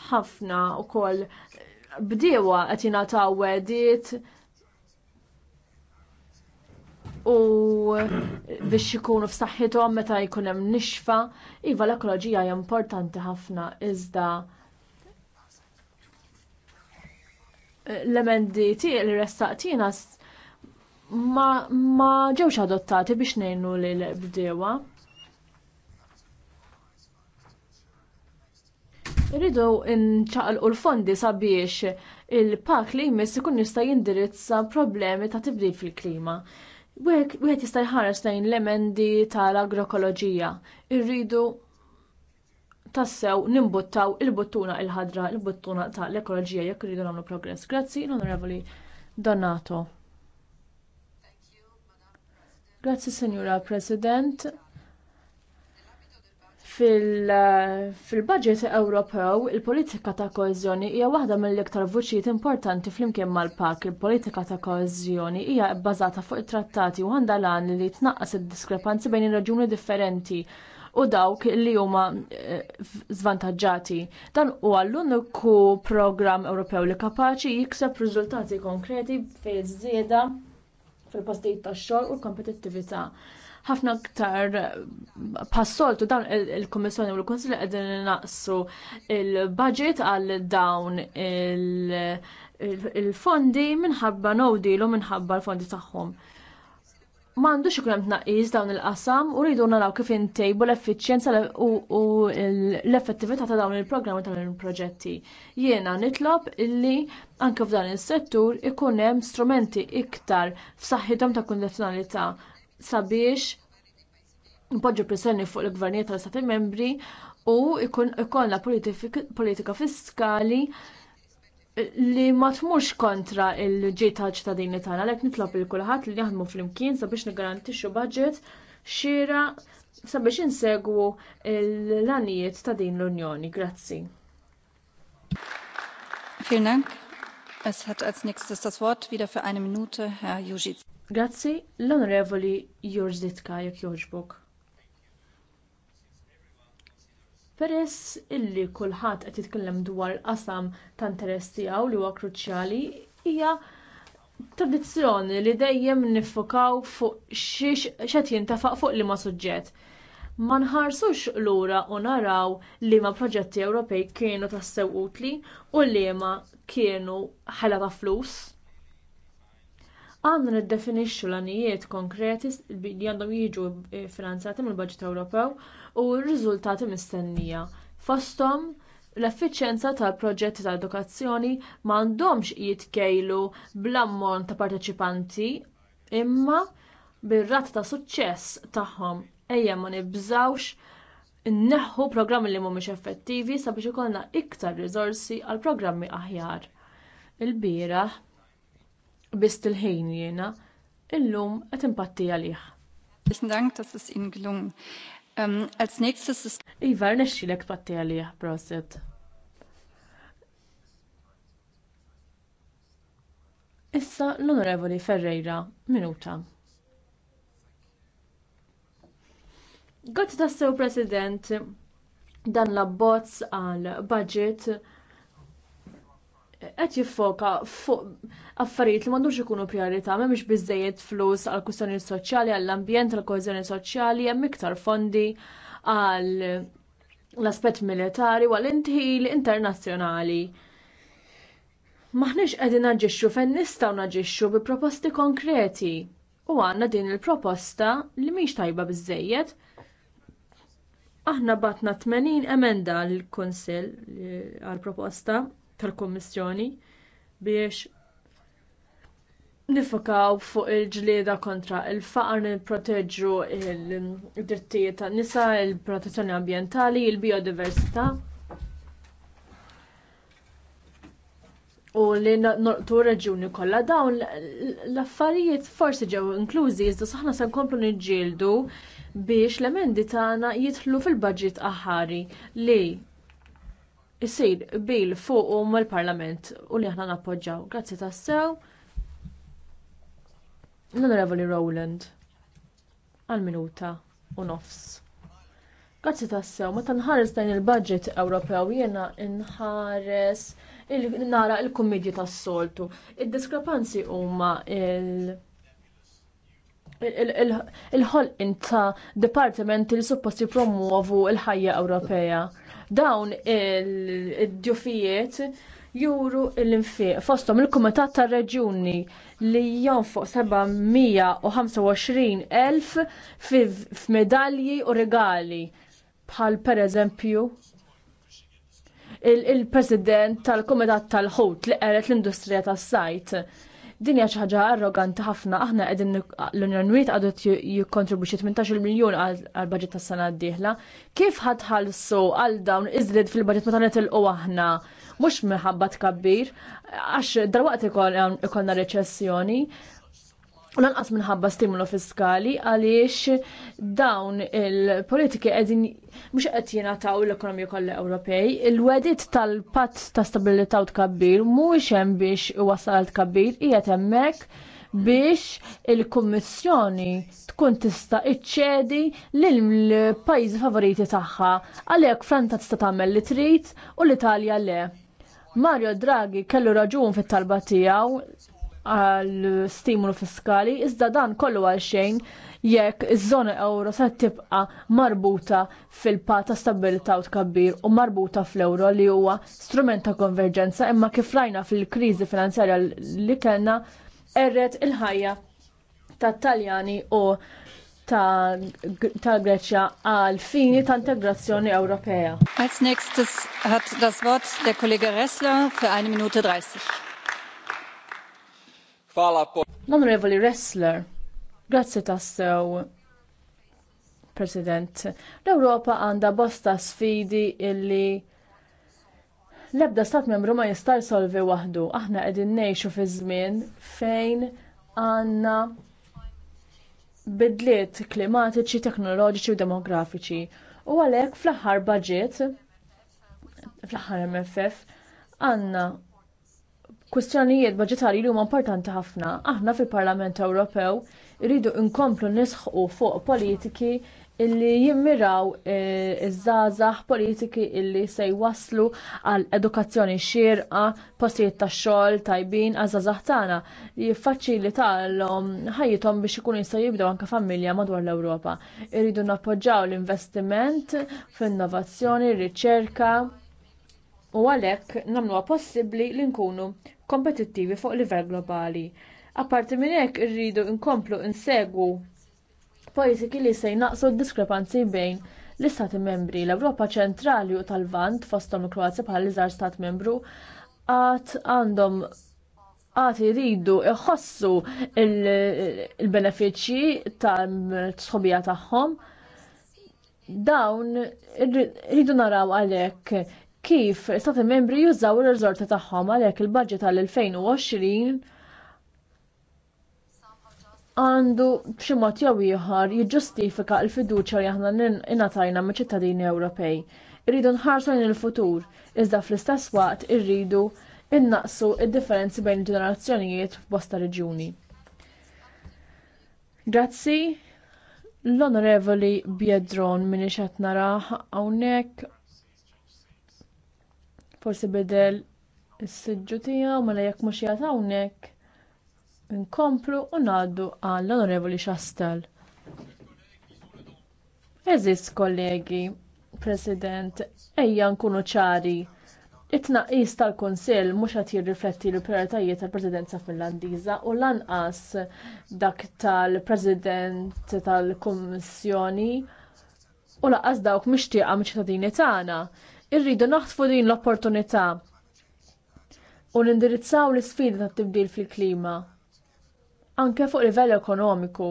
Speaker 3: ħafna wkoll bdiewa qed jingħataw wediet u biex ikunu f'saħħithom meta jkun hemm nixfa, iva l-ekoloġija hija importanti ħafna iżda l-emendi tiegħi li restaqtina ma, ma ġewx adottati biex ngħinu l bdewa. Irridu nċaqalqu l-fondi sabiex il-pak li jmiss ikun jista' jindirizza problemi ta' tibdil fil-klima. Wieħed jista' jħares lejn l-emendi tal-agrokoloġija. Irridu tassew nimbuttaw il-buttuna il-ħadra, il-buttuna tal-ekoloġija jekk irridu nagħmlu progress. Grazzi, l-Onorevoli Donato. Grazzi, Sinjura President Fil-budget fil Ewropew, il-politika ta' koezjoni hija waħda mill-iktar vuċijiet importanti flimkien mal-pak. Il-politika ta' koezjoni hija bbażata fuq it-trattati u għandha lan li tnaqqas id-diskrepanzi bejn ir-raġuni differenti u dawk li huma eh, zvantaġġati. Dan huwa l-uniku programm Ewropew li kapaċi jikseb riżultati konkreti fejn żieda fil-postijiet tax-xogħol u l-kompetittività ħafna ktar eh, passoltu dawn il-Kommissjoni u l konsil qegħdin naqsu il-budget għal dawn il-fondi minħabba nowdilu minħabba l-fondi tagħhom. M'għandux ikun hemm tnaqqis dawn il-qasam u rridu naraw kif intejbu l-effiċjenza u l-effettività ta' dawn il-programmi ta' il proġetti Jiena nitlob illi anke f'dan is-settur ikun hemm strumenti iktar f'saħħithom ta' kundizzjonalità sabiex npoġġu pressjoni fuq il-gvernijiet tal-Stati membri u ikollna politika fiskali li ma tmurx kontra il-ġej tal-ċittadini tagħna għalhekk nitlob il kulħadd li jaħdmu flimkien sabiex nigarantixxu budget xira sabiex insegwu l-għanijiet ta' din l-Unjoni. Grazzi. Vielen Dank. Es hat als nächstes das Wort wieder für eine Minute Herr Grazzi l-Onorevoli Jurżditka jekk jogħġbok. Peress illi kulħadd qed jitkellem dwar qasam ta' interess tiegħu li huwa kruċjali hija tradizzjoni li dejjem niffokaw fuq xiex xed jintafaq fuq liema suġġett. Ma nħarsux lura u naraw liema proġetti Ewropej kienu tassew utli u liema kienu ħela ta' flus għandna niddefinixxu l-għanijiet konkreti li għandhom jiġu eh, finanzjati mill-Baġit Ewropew u r-riżultati mistennija. Fosthom l-effiċjenza tal-proġetti ta' edukazzjoni m'għandhomx jitkejlu bl-ammont ta' parteċipanti imma bir-rata ta' suċċess tagħhom ejja ma nibżgħux inneħħu programmi li mhumiex effettivi sabiex ikollna iktar riżorsi għal programmi aħjar. Ilbieraħ biss il-ħin jiena illum qed impatti għalih. Besten Dank, dass es Ihnen gelungen. Um, als nächstes ist... Iva, nexxilek patti għalih, prosit. Issa l-Onorevoli Ferreira, minuta. Għat tassew President, dan l bozz għal budget qed jiffoka fuq affarijiet li m'għandux ikunu priorità m'hemmx biżejjed flus għal kustjoni soċjali, għall-ambjent, għall koeżjoni soċjali, hemm iktar fondi għal l-aspett militari għal intħil internazzjonali. Maħniex qegħdin naġixxu fejn nistgħu naġixxu bi proposti konkreti u għandna din il-proposta li mhix tajba biżejjed aħna batna 80 emenda l-Konsil eh, għal proposta tal-Kummissjoni biex nifokaw fuq il-ġlieda kontra il-faqar nipproteġu il-drittijiet tan nisa, il-protezzjoni ambjentali, il-biodiversità. U li noqtu reġjuni kollha dawn l-affarijiet forsi ġew inklużi iżda saħna se nkomplu niġġieldu biex l-emendi tagħna jidħlu fil-baġġit aħari li isir bil fuq u mal-Parlament u li aħna nappoġġaw. Grazzi tassew. L-Onorevoli Rowland għal minuta u nofs. Grazzi tassew, meta nħares dan il-budget Ewropew jiena nħares nara il-kummedji tas-soltu. il diskrepanzi huma il- il-ħolqin ta' dipartiment li suppost jipromuovu l ħajja Ewropea Dawn il-djufijiet juru l-infiq fostom il-Kumitat tar reġjuni li jonfoq 725,000 f-medalji u regali bħal pereżempju il-President tal-Kumitat tal-Ħut li qeret l-Industrija tas-Sajt Din hija xi ħaġa arroganti ħafna aħna qegħdin l-Unjoni Unit għadu jikkontribwixxi 18 miljun għall budget tas-sena d-dieħla. Kif ħadħallsu għal dawn iżlid fil-budget il nitilqu aħna? Mhux minħabba tkabbir, għax dalwaqt ikollna reċessjoni, U lanqas minħabba stimolo fiskali għaliex dawn il-politiki qegħdin mhux qed jingħataw l-ekonomija kollha Ewropej. Il-wedit tal-patt ta' stabilità u tkabbir mhuwiex hemm biex iwassal tkabbir qiegħed hemmhekk biex il-Kummissjoni tkun tista' iċċedi lil pajjiżi favoriti tagħha għalhekk Franta tista' tagħmel li trid u l-Italja le. Mario Draghi kellu raġun fit-talba tiegħu għal stimulu fiskali, iżda dan kollu għal xejn jekk iż-żona euro se tibqa marbuta fil-pat ta' stabilità u tkabbir u marbuta fl-euro li huwa strument ta' konverġenza imma kif rajna fil-kriżi finanzjarja li kellna erret il-ħajja ta' Taljani u ta', ta Greċja għal fini ta' integrazzjoni Ewropea. Als nächstes hat das Wort der Kollege Ressler für eine Minute 30.
Speaker 1: L-Onorevoli
Speaker 3: Wrestler, grazzi tassew, President. L-Europa għanda bosta sfidi illi l-ebda stat membru ma jistar solvi waħdu. Aħna qegħdin ngħixu fi żmien fejn għandna bidliet klimatiċi, teknoloġiċi u demografiċi. U għalhekk fl-aħħar budget fl-aħħar MFF għandna kwistjonijiet budġetarji li huma importanti ħafna. Aħna fil-Parlament Ewropew irridu nkomplu nisħu fuq politiki illi jimmiraw eh, iż-żgħażagħ politiki illi se jwasslu għal edukazzjoni xierqa, postijiet tax xogħol tajbin għaż-żgħażagħ tagħna li tagħhom ħajjithom biex ikunu jista' jibdew anke familja madwar l-Ewropa. Irridu nappoġġaw l-investiment f'innovazzjoni, riċerka, u għalhekk nagħmluha possibbli li nkunu kompetittivi fuq livell globali apparti minn hekk irridu nkomplu nsegwu politiki li se jnaqqsu d-diskrepanzi bejn l-istati membri l-ewropa ċentrali u tal-lvant fosthom il-kroazja bħala iżgħar stat membru għad għandhom iridu iħossu il-benefiċċji tal-sħobija tagħhom dawn rridu naraw għalhekk kif l-Stati membri jużaw ir-riżorti tagħhom għalhekk il-budget tal-2020 għandu b'xi mod jew ieħor jiġġustifika l-fiduċja li aħna ingħatajna miċ-ċittadini Ewropej. Irridu nħarsu lejn il-futur, iżda fl-istess waqt irridu innaqsu id-differenzi bejn il-ġenerazzjonijiet f'bosta reġjuni. Grazzi, l-Onorevoli Biedron minni xet naraħ hawnhekk forsi bidel is-siġġu tiegħu mela jekk mhux qiegħed hawnhekk inkomplu u ngħaddu għall-onorevoli chastel eżis kollegi president ejja nkunu ċari it-tnaqqis tal-kunsill mhux qed jirrifletti l-prijoritajiet tal-presidenza finlandiża u lanqas dak tal-president tal-kummissjoni u lanqas dawk mixtieqa miċ-ċittadini tagħna Irridu naħtfu din l-opportunità u nindirizzaw l-isfida tat tibdil fil-klima anke fuq livell ekonomiku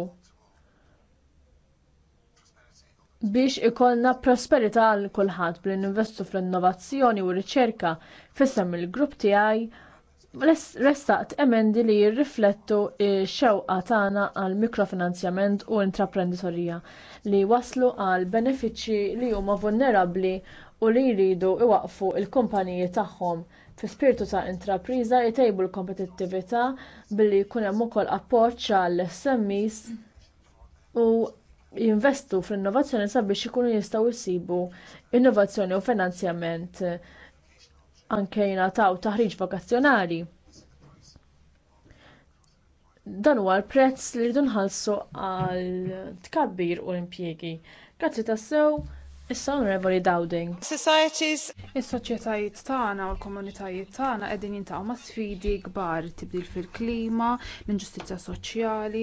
Speaker 3: biex ikollna prosperità għal kulħadd bli ninvestu fl-innovazzjoni u r-riċerka fissem il-grupp tiegħi restaqt emendi li jirriflettu x-xewqa tagħna għal mikrofinanzjament u intraprenditorija li waslu għal benefiċċji li huma vulnerabbli u li jridu iwaqfu l-kumpaniji tagħhom fi spiritu ta' intrapriża jtejbu l-kompetittività billi jkun hemm ukoll appoġġ għall-smes u jinvestu fl-innovazzjoni sabiex ikunu jistgħu jsibu innovazzjoni u finanzjament anke jingħataw taħriġ vokazzjonali. dan huwa l-prezz li rridu nħallsu għal tkabbir u l-impjiegi. Grazzi tassew Issa onorevoli Dowding. Societies. Is-soċjetajiet tagħna u l-komunitajiet tagħna qegħdin
Speaker 2: jintaqgħu ma' sfidi kbar tibdil fil-klima, l-inġustizzja soċjali,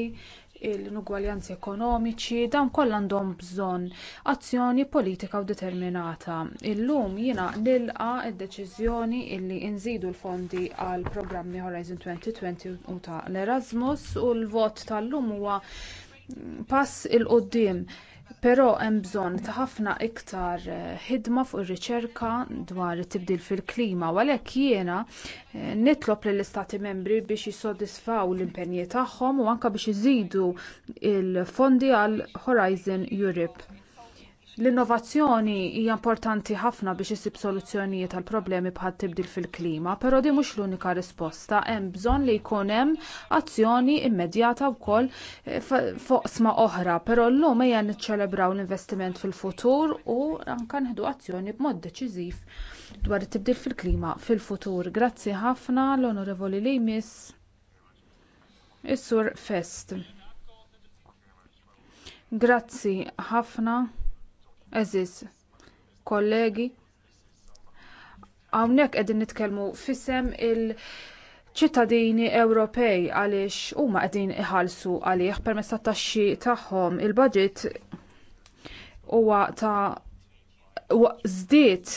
Speaker 2: l-inugwaljanzi ekonomiċi, dawn kollha għandhom bżonn azzjoni politika u determinata. Illum jiena nilqa d-deċiżjoni illi nżidu l-fondi għal programmi Horizon 2020 u ta' l-Erasmus u l-vot tal-lum huwa pass il-qoddim Però hemm bżonn ta' ħafna iktar eh, ħidma fuq ir-riċerka dwar it-tibdil fil-klima u għalhekk jiena eh, nitlob lill istati membri biex jissodisfaw l-impenji tagħhom u anke biex iżidu l-fondi għal Horizon Europe. L-innovazzjoni hija importanti ħafna biex isib soluzzjonijiet għal problemi bħal tibdil fil-klima, però di mhux l-unika risposta. Hemm bżonn li jkun hemm azzjoni immedjata wkoll eh, foqsma oħra, però llum hija niċċelebraw l-investiment fil-futur u anke nħdu azzjoni b'mod deċiżiv dwar it-tibdil fil-klima fil-futur. Grazzi ħafna l-Onorevoli Limis. Is-Sur Fest. Grazzi ħafna eżis kollegi hawnhekk qegħdin nitkellmu f'isem il-ċittadini Ewropej għaliex huma qegħdin iħallsu għalih permezz tat-taxxi tagħhom il-baġit huwa ta' żdied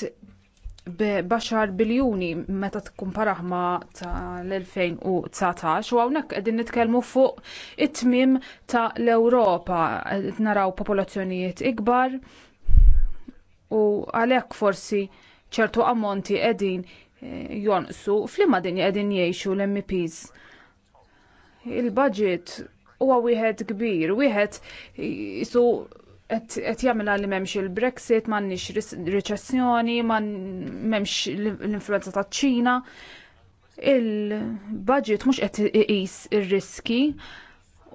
Speaker 2: baxar biljuni meta tikkumparah ma' tal-2019 u hawnhekk qegħdin nitkellmu fuq it-tmiem ta' l-Ewropa naraw popolazzjonijiet ikbar u għalhekk forsi ċertu ammonti qegħdin eh, jonqsu flimma din qegħdin jgħixu l-MPs. Il-budget huwa wieħed kbir, wieħed jisu qed jagħmilha li m'hemmx il-Brexit, m'għandniex riċessjoni, m'hemmx l-influenza taċ-Ċina. Il-budget mhux qed iqis ir-riski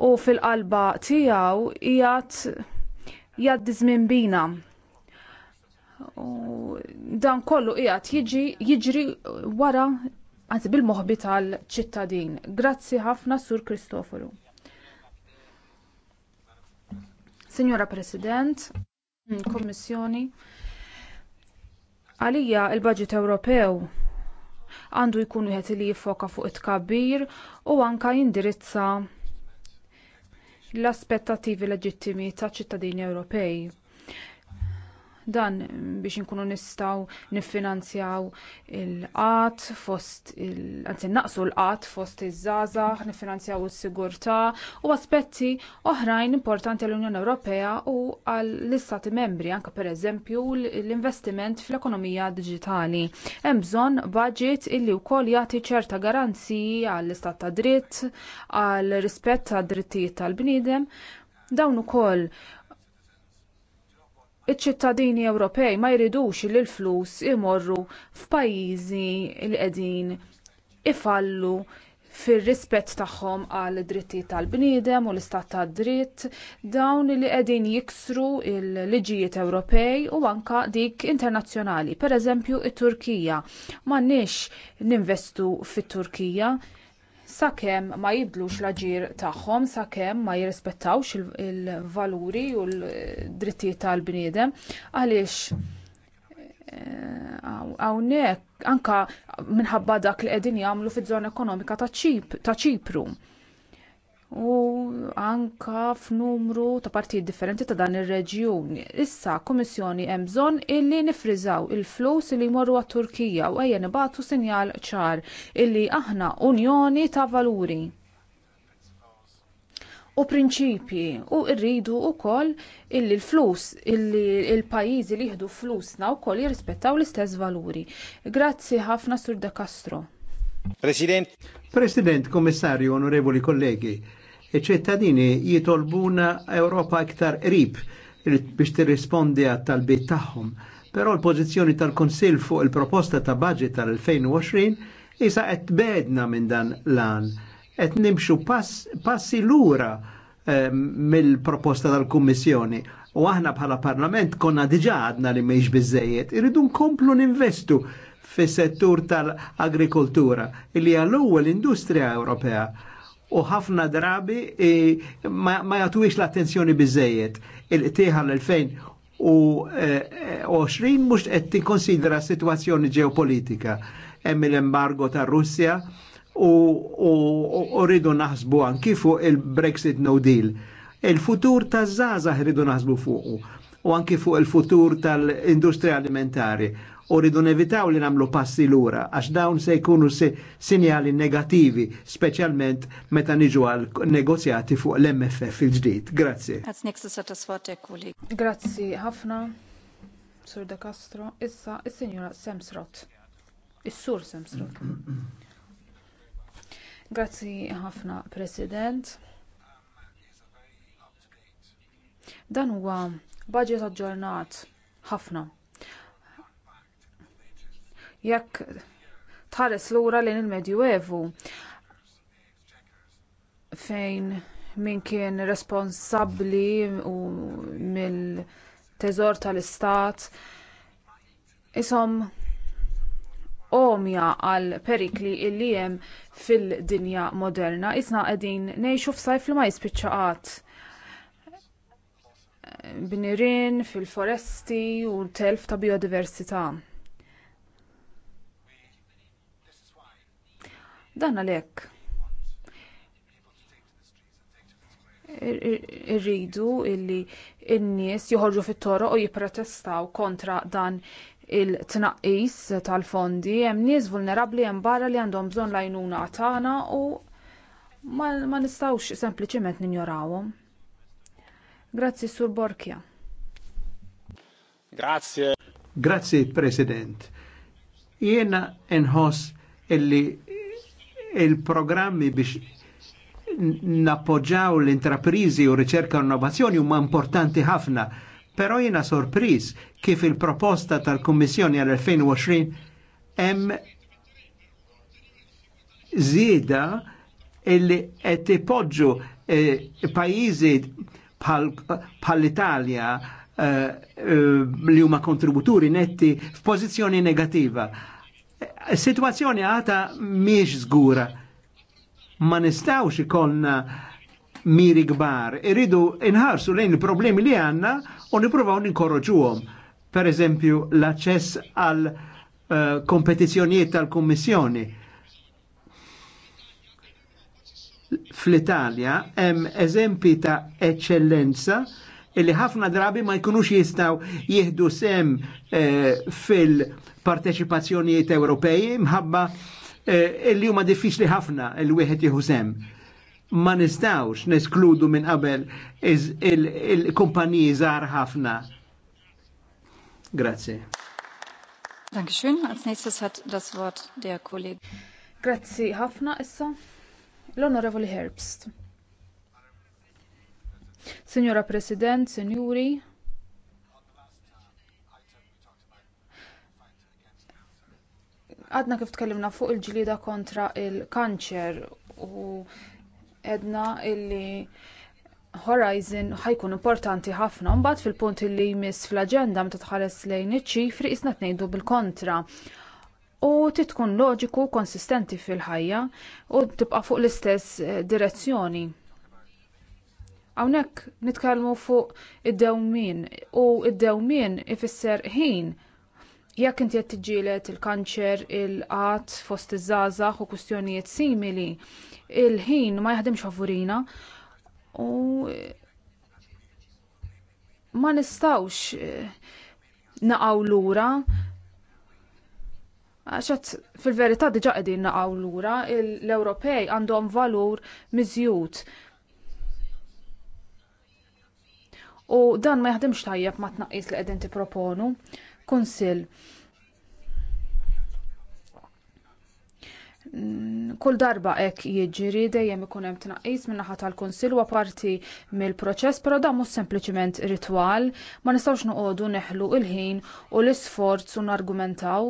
Speaker 2: u fil-qalba tiegħu qiegħed jgħaddi żmien bina U dan kollu qiegħed jiġi jiġri wara anzi bil-moħbi tal-ċittadin. Grazzi ħafna Sur Kristoforu. Signora President, Kommissjoni, għalija il-Baġit Ewropew għandu jkun wieħed li jiffoka fuq it-tkabbir u anke jindirizza l-aspettattivi leġittimi ta' ċittadini Ewropej dan biex inkunu nistgħu niffinanzjaw il-qat fost il anzi naqsu l-qat fost iż żaza niffinanzjaw is-sigurtà u aspetti oħrajn importanti għall-Unjoni Ewropea u għall-Istati Membri anke pereżempju l-investiment fl-ekonomija diġitali. Hemm bżonn budget illi wkoll jagħti ċerta garanziji għall-istat ta' dritt, għall rispett tad drittijiet tal-bniedem dawn ukoll Iċ-ċittadini Ewropej ma jridux li l-flus imorru f'pajjiżi li qegħdin ifallu fir-rispett tagħhom għal drittijiet tal-bniedem u l-istat tad-dritt dawn li qegħdin jiksru l-liġijiet Ewropej u anke dik internazzjonali, pereżempju t turkija M'għandniex ninvestu fit-Turkija, sakemm ma jibdlux l-aġir tagħhom sakemm ma jirrispettawx il-valuri u l-drittijiet tal-bniedem għaliex eh, hawnhekk anke minħabba dak li qegħdin jagħmlu fiż-żona ekonomika ta' Ċipru u anka f'numru ta' partijiet differenti ta' dan ir-reġjun. Issa kummissjoni hemm bżonn illi nifriżaw il-flus li jmorru għat-Turkija u ejja nibagħtu sinjal ċar illi aħna unjoni ta' valuri u prinċipji u rridu wkoll illi l-flus illi l-pajjiżi li jieħdu flusna wkoll jirrispettaw l-istess valuri. Grazzi ħafna Sur De Castro.
Speaker 1: President. President, Kommissarju, Onorevoli Kollegi, Iċ-ċittadini jitolbuna Ewropa iktar qrib biex tirrispondi għat talbiet tagħhom. Però l-pożizzjoni tal-Konsil fuq il-proposta ta' budget tal-2020 isa qed bedna minn dan lan. Qed nimxu pass, passi lura ehm, mill-proposta tal-Kummissjoni. U aħna bħala parlament konna diġa għadna li miex bizzejiet. Irridu nkomplu ninvestu fis settur tal-agrikoltura, illi għall-ewwel industrija Ewropea u ħafna drabi e, ma jagħtuhiex l-attenzjoni biżejjed. Il-tieħa l-2020 mhux qed tikkonsidra situazzjoni ġeopolitika. Hemm l-embargo ta' Russja u rridu naħsbu anki fuq il-Brexit no deal. Il-futur ta' żgħażagħ rridu naħsbu fuqu u anki fuq il-futur tal-industrija alimentari u rridu nevitaw li namlu passi lura, għax dawn se jkunu sinjali negativi, specialment meta niġu għal negozjati fuq l-MFF il-ġdid. Grazzi.
Speaker 2: Grazie, Grazzi ħafna, Sur De Castro, issa il-Sinjora Semsrot. Is-Sur Semsrot. Grazzi ħafna, President. Dan huwa budget aġġornat ħafna Jekk tħares lura lejn il-Medjuevu fejn min kien responsabbli u mill-teżor tal-istat ishom omja għal perikli illi hemm fid-dinja moderna isna qegħdin ngħixu f'sajf li ma jispiċċa qatt fil-foresti u telf ta' biodiversità Dan għalhekk irridu illi n-nies joħorġu fit toro u jipprotestaw kontra dan il-tnaqqis tal-fondi hemm nies vulnerabbli hemm barra li għandhom bżonn lajnuna tagħna u ma nistgħux sempliċement ninjorawhom. Grazzi Sur Borkja.
Speaker 3: Grazie.
Speaker 1: Grazzi President. Jiena nħoss illi il-programmi biex nappoġġaw l-intraprizi u riċerka u innovazzjoni huma importanti ħafna, però jina sorpriż kif il-proposta tal-Kummissjoni għal-2020 hemm żieda illi qed ipoġġu eh, pajjiżi bħall italja eh, eh, li huma kontributuri netti f'pożizzjoni negativa Situazzjoni għata miex zgura. Ma nistawx ikonna miri gbar. Iridu inħarsu lejn il-problemi li għanna u nipruvaw ninkorroġuhom. Per eżempju, l-aċċess għal eh, kompetizjonijiet tal-Kummissjoni. Fl-Italja hemm eżempi ta' eccellenza illi ħafna drabi ma jkunux jistaw jihdu sem eh, fil- parteċipazzjonijiet Ewropej mħabba eh, illi huma diffiċli ħafna il wieħed jieħu sem. Ma nistawx neskludu minn qabel il-kumpaniji żgħar ħafna. Grazie.
Speaker 2: Dankeschön. Als nächstes hat das Wort der Kollege. Grazzi ħafna issa l-Onorevoli Herbst. Signora President, Signori, Għadna kif tkellimna fuq il ġlieda kontra il-kanċer u edna illi Horizon ħajkun importanti ħafna mbagħad fil-punt li jmiss fl-aġenda meta tħares lejn iċ-ċifri isna tnejdu bil-kontra. U titkun loġiku konsistenti fil-ħajja u tibqa' fuq l-istess eh, direzzjoni. Hawnhekk nitkellmu fuq id-dewmien u id-dewmien ifisser ħin Jekk inti qed tiġġieled il-kanċer, il-qatt fost iż-żgħażagħ u kwistjonijiet simili, il-ħin ma jaħdimx favurina u ma nistgħux eh, naqgħu lura għaxat fil-verità diġa qegħdin naqgħu lura l-Ewropej għandhom valur miżjud. U dan ma jaħdimx tajjeb ma tnaqqis li qegħdin tipproponu. proponu kunsill kull darba hekk jiġri dejjem ikun hemm tnaqqis min-naħa tal-kunsill huwa parti mill-proċess, però dan mhux sempliċiment ritwal, ma nistgħux noqogħdu neħlu il-ħin u l-isforz u nargumentaw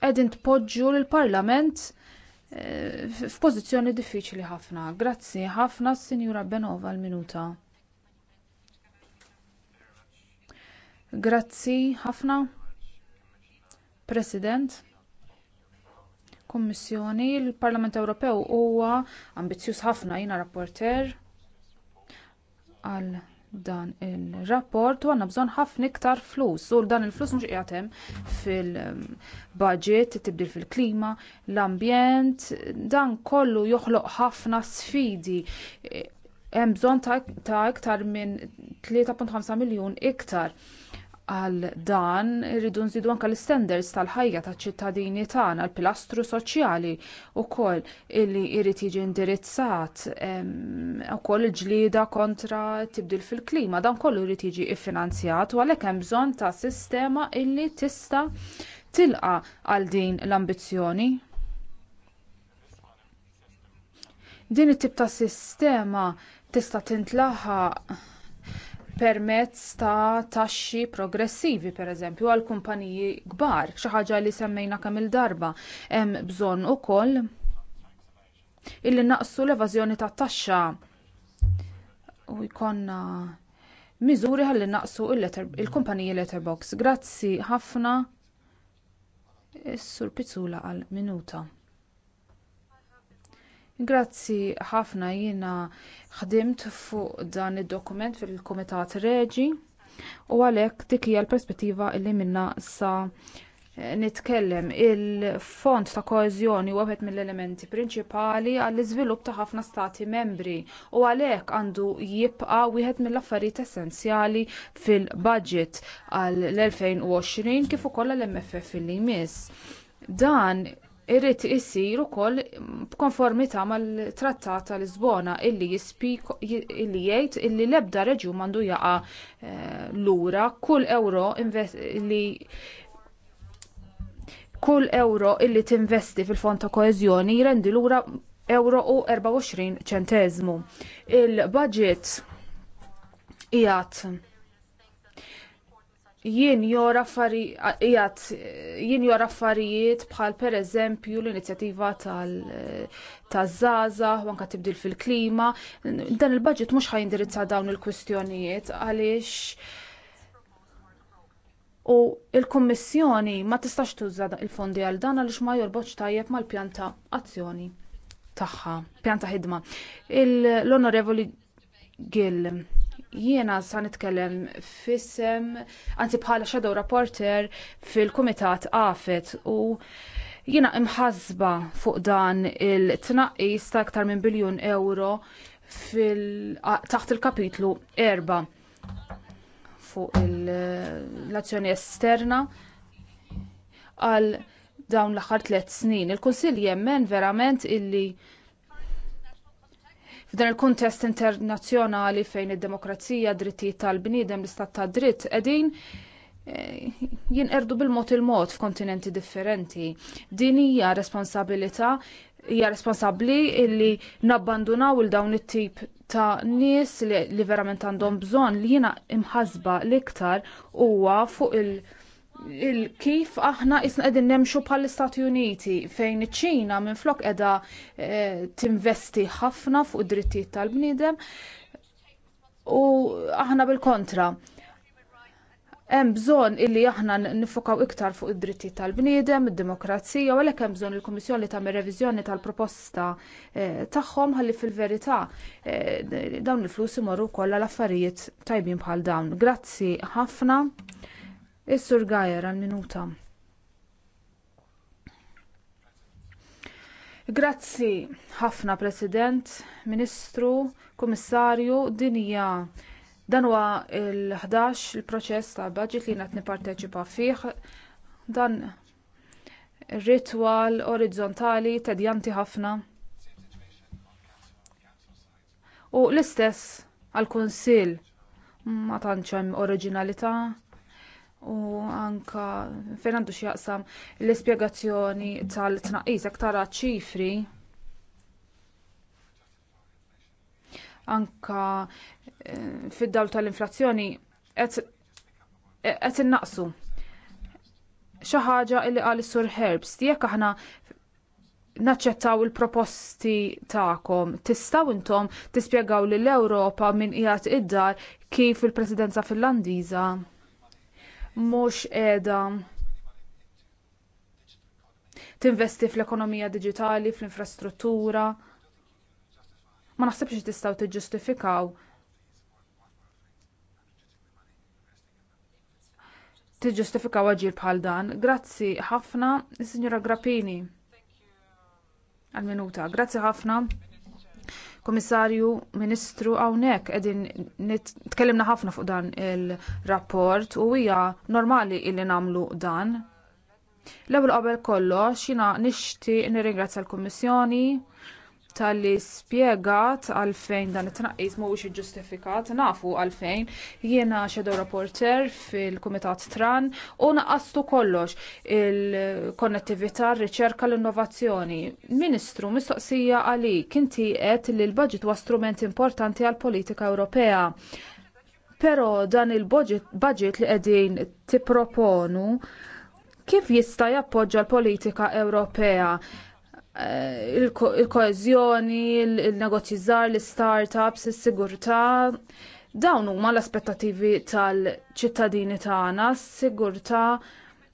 Speaker 2: qegħdin tpoġġu lill-Parlament eh, f'pożizzjoni diffiċli ħafna. Grazzi ħafna, Sinjura Benova, l-minuta. Grazzi ħafna. President. Kummissjoni, il-Parlament Ewropew huwa ambizzjuż ħafna jiena rapporter għal dan ir-rapport u għandna bżonn ħafna iktar flus u dan il-flus mhux qiegħed hemm fil it tibdil fil-klima l-ambjent dan kollu joħloq ħafna sfidi hemm bżonn ta' iktar minn 3.5 miljun iktar għal dan irridu nżidu anke l-istandards tal-ħajja taċ-ċittadini tagħna l-pilastru soċjali wkoll illi jrid jiġi indirizzat ukoll il-ġlieda kontra tibdil fil-klima dan kollu jrid jiġi ffinanzjat u għalhekk hemm bżonn ta' sistema illi tista' tilqa għal din l-ambizzjoni. Din it-tip ta' sistema tista' tintlaħa permezz ta' taxxi progressivi pereżempju għal kumpaniji kbar xi ħaġa li semmejna kemm il-darba hemm bżonn ukoll illi naqsu l-evażjoni tat-taxxa u jkollna miżuri ħalli naqsu il-kumpaniji letterbox. Grazzi ħafna is-sur Pizzula għal minuta. Grazzi ħafna jiena ħdimt fuq dan id-dokument fil-Kumitat Reġi u għalhekk dik hija l-perspettiva li minna sa eh, nitkellem il-fond ta' koeżjoni huwa wieħed mill-elementi prinċipali għall-iżvilupp ta' ħafna stati membri u għalhekk għandu jibqa' wieħed mill-affarijiet essenzjali fil-budget għall 2020 kif ukoll għall-MFF li jmiss. Dan irrid isir ukoll b'konformità mal-Trattat ta' Lisbona illi illi jgħid illi l-ebda reġjun għandu jaqa' eh, lura kull euro li kull euro illi tinvesti fil-fond ta' koeżjoni jrendi lura euro u 24 ċenteżmu. Il-budget qiegħed jien jor affarijiet bħal pereżempju l-inizjattiva taż-żaża u anke tibdil fil-klima. Dan il-budget mhux ħajindirizza dawn il-kwistjonijiet għaliex u l-Kummissjoni ma tistax tuża il-fondi għal dan għaliex ma jorbotx tajjeb mal-pjan ta' azzjoni tagħha, pjan ta' ħidma. L-Onorevoli Gill Jiena sa nitkellem fissem, anzi bħala shadow rapporter fil-Kumitat Afet u jiena imħazba fuq dan il-tnaqqis ta' aktar minn biljun euro taħt il-kapitlu 4 fuq l-azzjoni esterna għal dawn l-aħħar tliet snin. Il-Kunsill jemmen verament illi F'dan il-kuntest internazzjonali fejn id-demokrazija, drittijiet tal-bniedem, l-istat ta' dritt qegħdin eh, jinqerdu bil-mod il-mod f'kontinenti differenti. Din hija responsabilità hija responsabbli illi nabbandunaw il dawn it-tip ta' nies li, verament għandhom bżonn li jiena imħasba l-iktar huwa fuq il- kif aħna isna qegħdin nemxu bħall-Istati Uniti fejn iċ-Ċina minflok qiegħda eh, tinvesti ħafna fuq id-drittijiet tal-bniedem u aħna bil-kontra. Hemm bżonn illi aħna nifokaw iktar fuq id-drittijiet tal-bniedem, id-demokrazija, u għalhekk hemm bżonn il-Kummissjoni tagħmel reviżjoni tal-proposta eh, tagħhom ħalli fil-verità eh, dawn il-flus imorru wkoll għal affarijiet tajbin bħal dawn. Grazzi ħafna. Is-Sur Gajer għal-minuta. Grazzi ħafna President, Ministru, Kummissarju, hija Dan huwa l-11 il-proċess ta' budget li qed nipparteċipa fih. Dan ritwal orizzontali tedjanti ħafna. U l-istess għall kunsill ma tantx hemm oriġinalità u anke fejn għandu jaqsam l-ispjegazzjoni tal-tnaqqis aktar ċifri anke eh, fid-dawl tal-inflazzjoni qed innaqsu xi ħaġa li qal is-sur Herbs jekk aħna naċċettaw il-proposti tagħkom tistgħu intom tispjegaw lill-Ewropa min qiegħed id-dar kif il-Presidenza Finlandiża mhux qiegħda tinvesti fl-ekonomija diġitali, fl-infrastruttura. Ma naħsibx tistgħu tiġġustifikaw tiġġustifikaw aġir bħal dan. Grazzi ħafna, Signora Grappini. Għal minuta. Grazzi ħafna. Komissarju, Ministru, hawnhekk qegħdin nitkellimna ħafna fuq dan il-rapport u hija normali illi nagħmlu dan. L-ewwel qabel kollox jiena nixtieq nirringrazzja l-Kummissjoni tal-li spjegat għalfejn dan it-tnaqqis mhuwiex iġġustifikat, nafu għalfejn jiena xedew rapporter fil-Kumitat Tran u naqqastu kollox il-konnettività, r-riċerka, l-innovazzjoni. Ministru, mistoqsija għalik inti qed li l-budget huwa strument importanti għall-politika Ewropea. Però dan il-budget li qegħdin tipproponu kif jista' jappoġġa l-politika Ewropea? Eh, il-koezjoni, il-negozji żgħar, l-startups, is-sigurtà. Dawn huma l-aspettattivi tal-ċittadini tagħna, s-sigurtà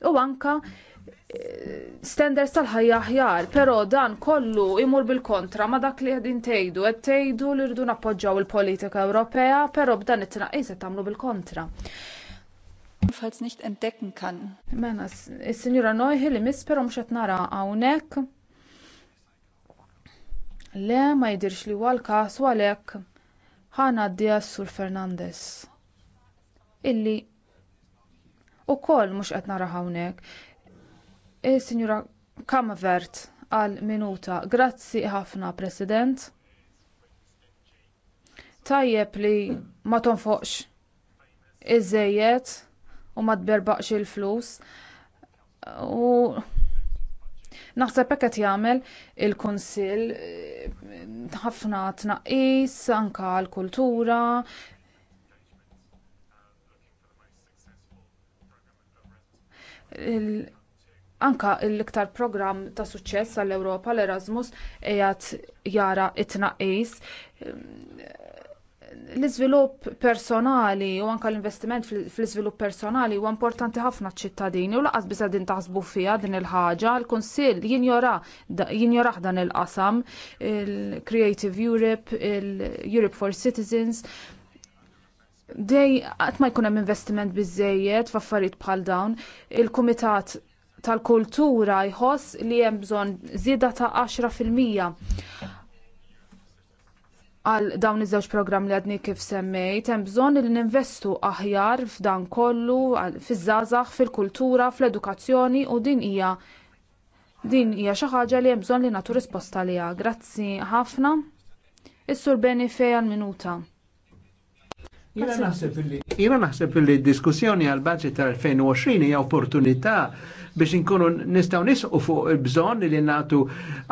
Speaker 2: u anka eh, standards tal-ħajja aħjar, però dan kollu imur bil-kontra ma dak li qegħdin tgħidu, qed tgħidu li rridu nappoġġjaw il-politika Ewropea, però b'dan it-tnaqqis qed tagħmlu bil-kontra. Falls nicht entdecken kann. Mena, is-Sinjura Neuhi li mispero mhux qed nara hawnhekk. Le ma jidhirx li huwa l-każ u għalhekk ħanaddiha s-Sur Fernandez. Illi wkoll mhux qed nara hawnhekk. Is-Sinjura e, Kamvert għal minuta. Grazzi ħafna, President. Tajjeb li ma tonfoqx iżejjed u ma tberbaqx il-flus u Naħseb hekk qed jagħmel il-Kunsill eh, ħafna tnaqqis anke l-kultura, anka l-iktar programm ta' suċċess għall ewropa l-Erasmus qiegħed jara t tnaqqis l-iżvilupp personali u anke l-investiment fl-iżvilupp personali huwa importanti ħafna ċ-ċittadini u laqas biża din taħsbu fiha din il-ħaġa, l kunsill jinjorah dan il-qasam, il-Creative Europe, il-Europe for Citizens. Dej qatt ma jkun hemm investiment biżżejjed f'affarijiet bħal dawn, il-Kumitat tal-Kultura jħoss li hemm bżonn żieda ta' 10 fil-mija għal dawn iż-żewġ programm li għadni kif semmejt, hemm bżonn li ninvestu aħjar f'dan kollu, fiż-żgħażagħ, fil-kultura, fl-edukazzjoni u din hija din hija xi ħaġa li hemm bżonn li nagħtu risposta liha. Grazzi ħafna. Is-sur Beni fej għal-minuta. Jina
Speaker 1: naħseb li d diskussjoni għal budget tal-2020 hija opportunità biex inkunu nistgħu nisqu fuq il-bżonn li nagħtu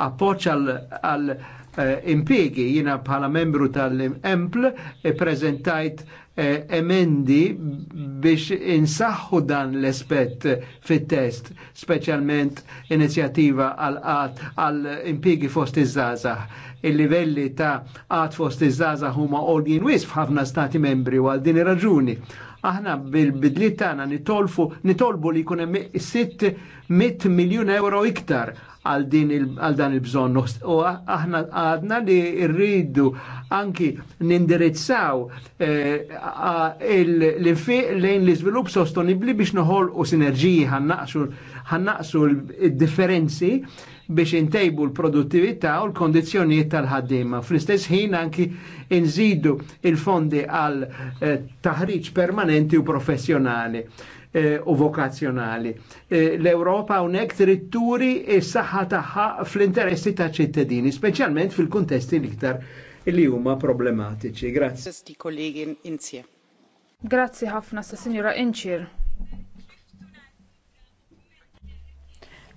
Speaker 1: appoġġ għal Eh, impiegi. Jina bħala membru tal-Empl e prezentajt eh, emendi biex insaħħu dan l espet fit-test, speċjalment inizjativa għal-impiegi fost iż-żazax. Il-livelli ta' għad fost iż-żazax huma għolgin wisf ħafna stati membri u għal din raġuni. Aħna bil-bidliet tagħna nitolfu nitolbu li jkun hemm 600 miljun euro iktar għal dan il-bżonn u aħna għadna li rridu anki nindirizzaw eh, l-infiq lejn l-iżvilupp sostenibli biex noħol u sinerġiji ħannaqsu l-differenzi biex intejbu l-produttività u l-kondizjoniet tal-ħaddima. Fl-istess ħin anki nżidu il-fondi għal eh, taħriġ permanenti u professjonali. Eh, u vokazzjonali. Eh, L-Europa unek tritturi s-saħħa tagħha fl-interessi ta' ċittadini, speċjalment fil-kuntesti l-iktar li huma problematiċi.
Speaker 2: Grazie.
Speaker 3: Grazie ħafna sa' Sinjura Inċir.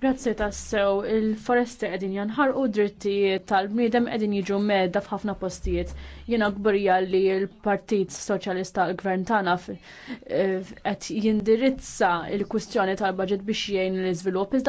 Speaker 3: Grazzi tassew, il-foresti qegħdin janħarqu drittijiet tal-bniedem qegħdin jiġu medda f'ħafna postijiet. Jiena gburja li l-Partit Soċjalista l-Gvern tagħna eh, qed jindirizza l-kwistjoni tal-baġit biex jgħin l-iżvilupp iżda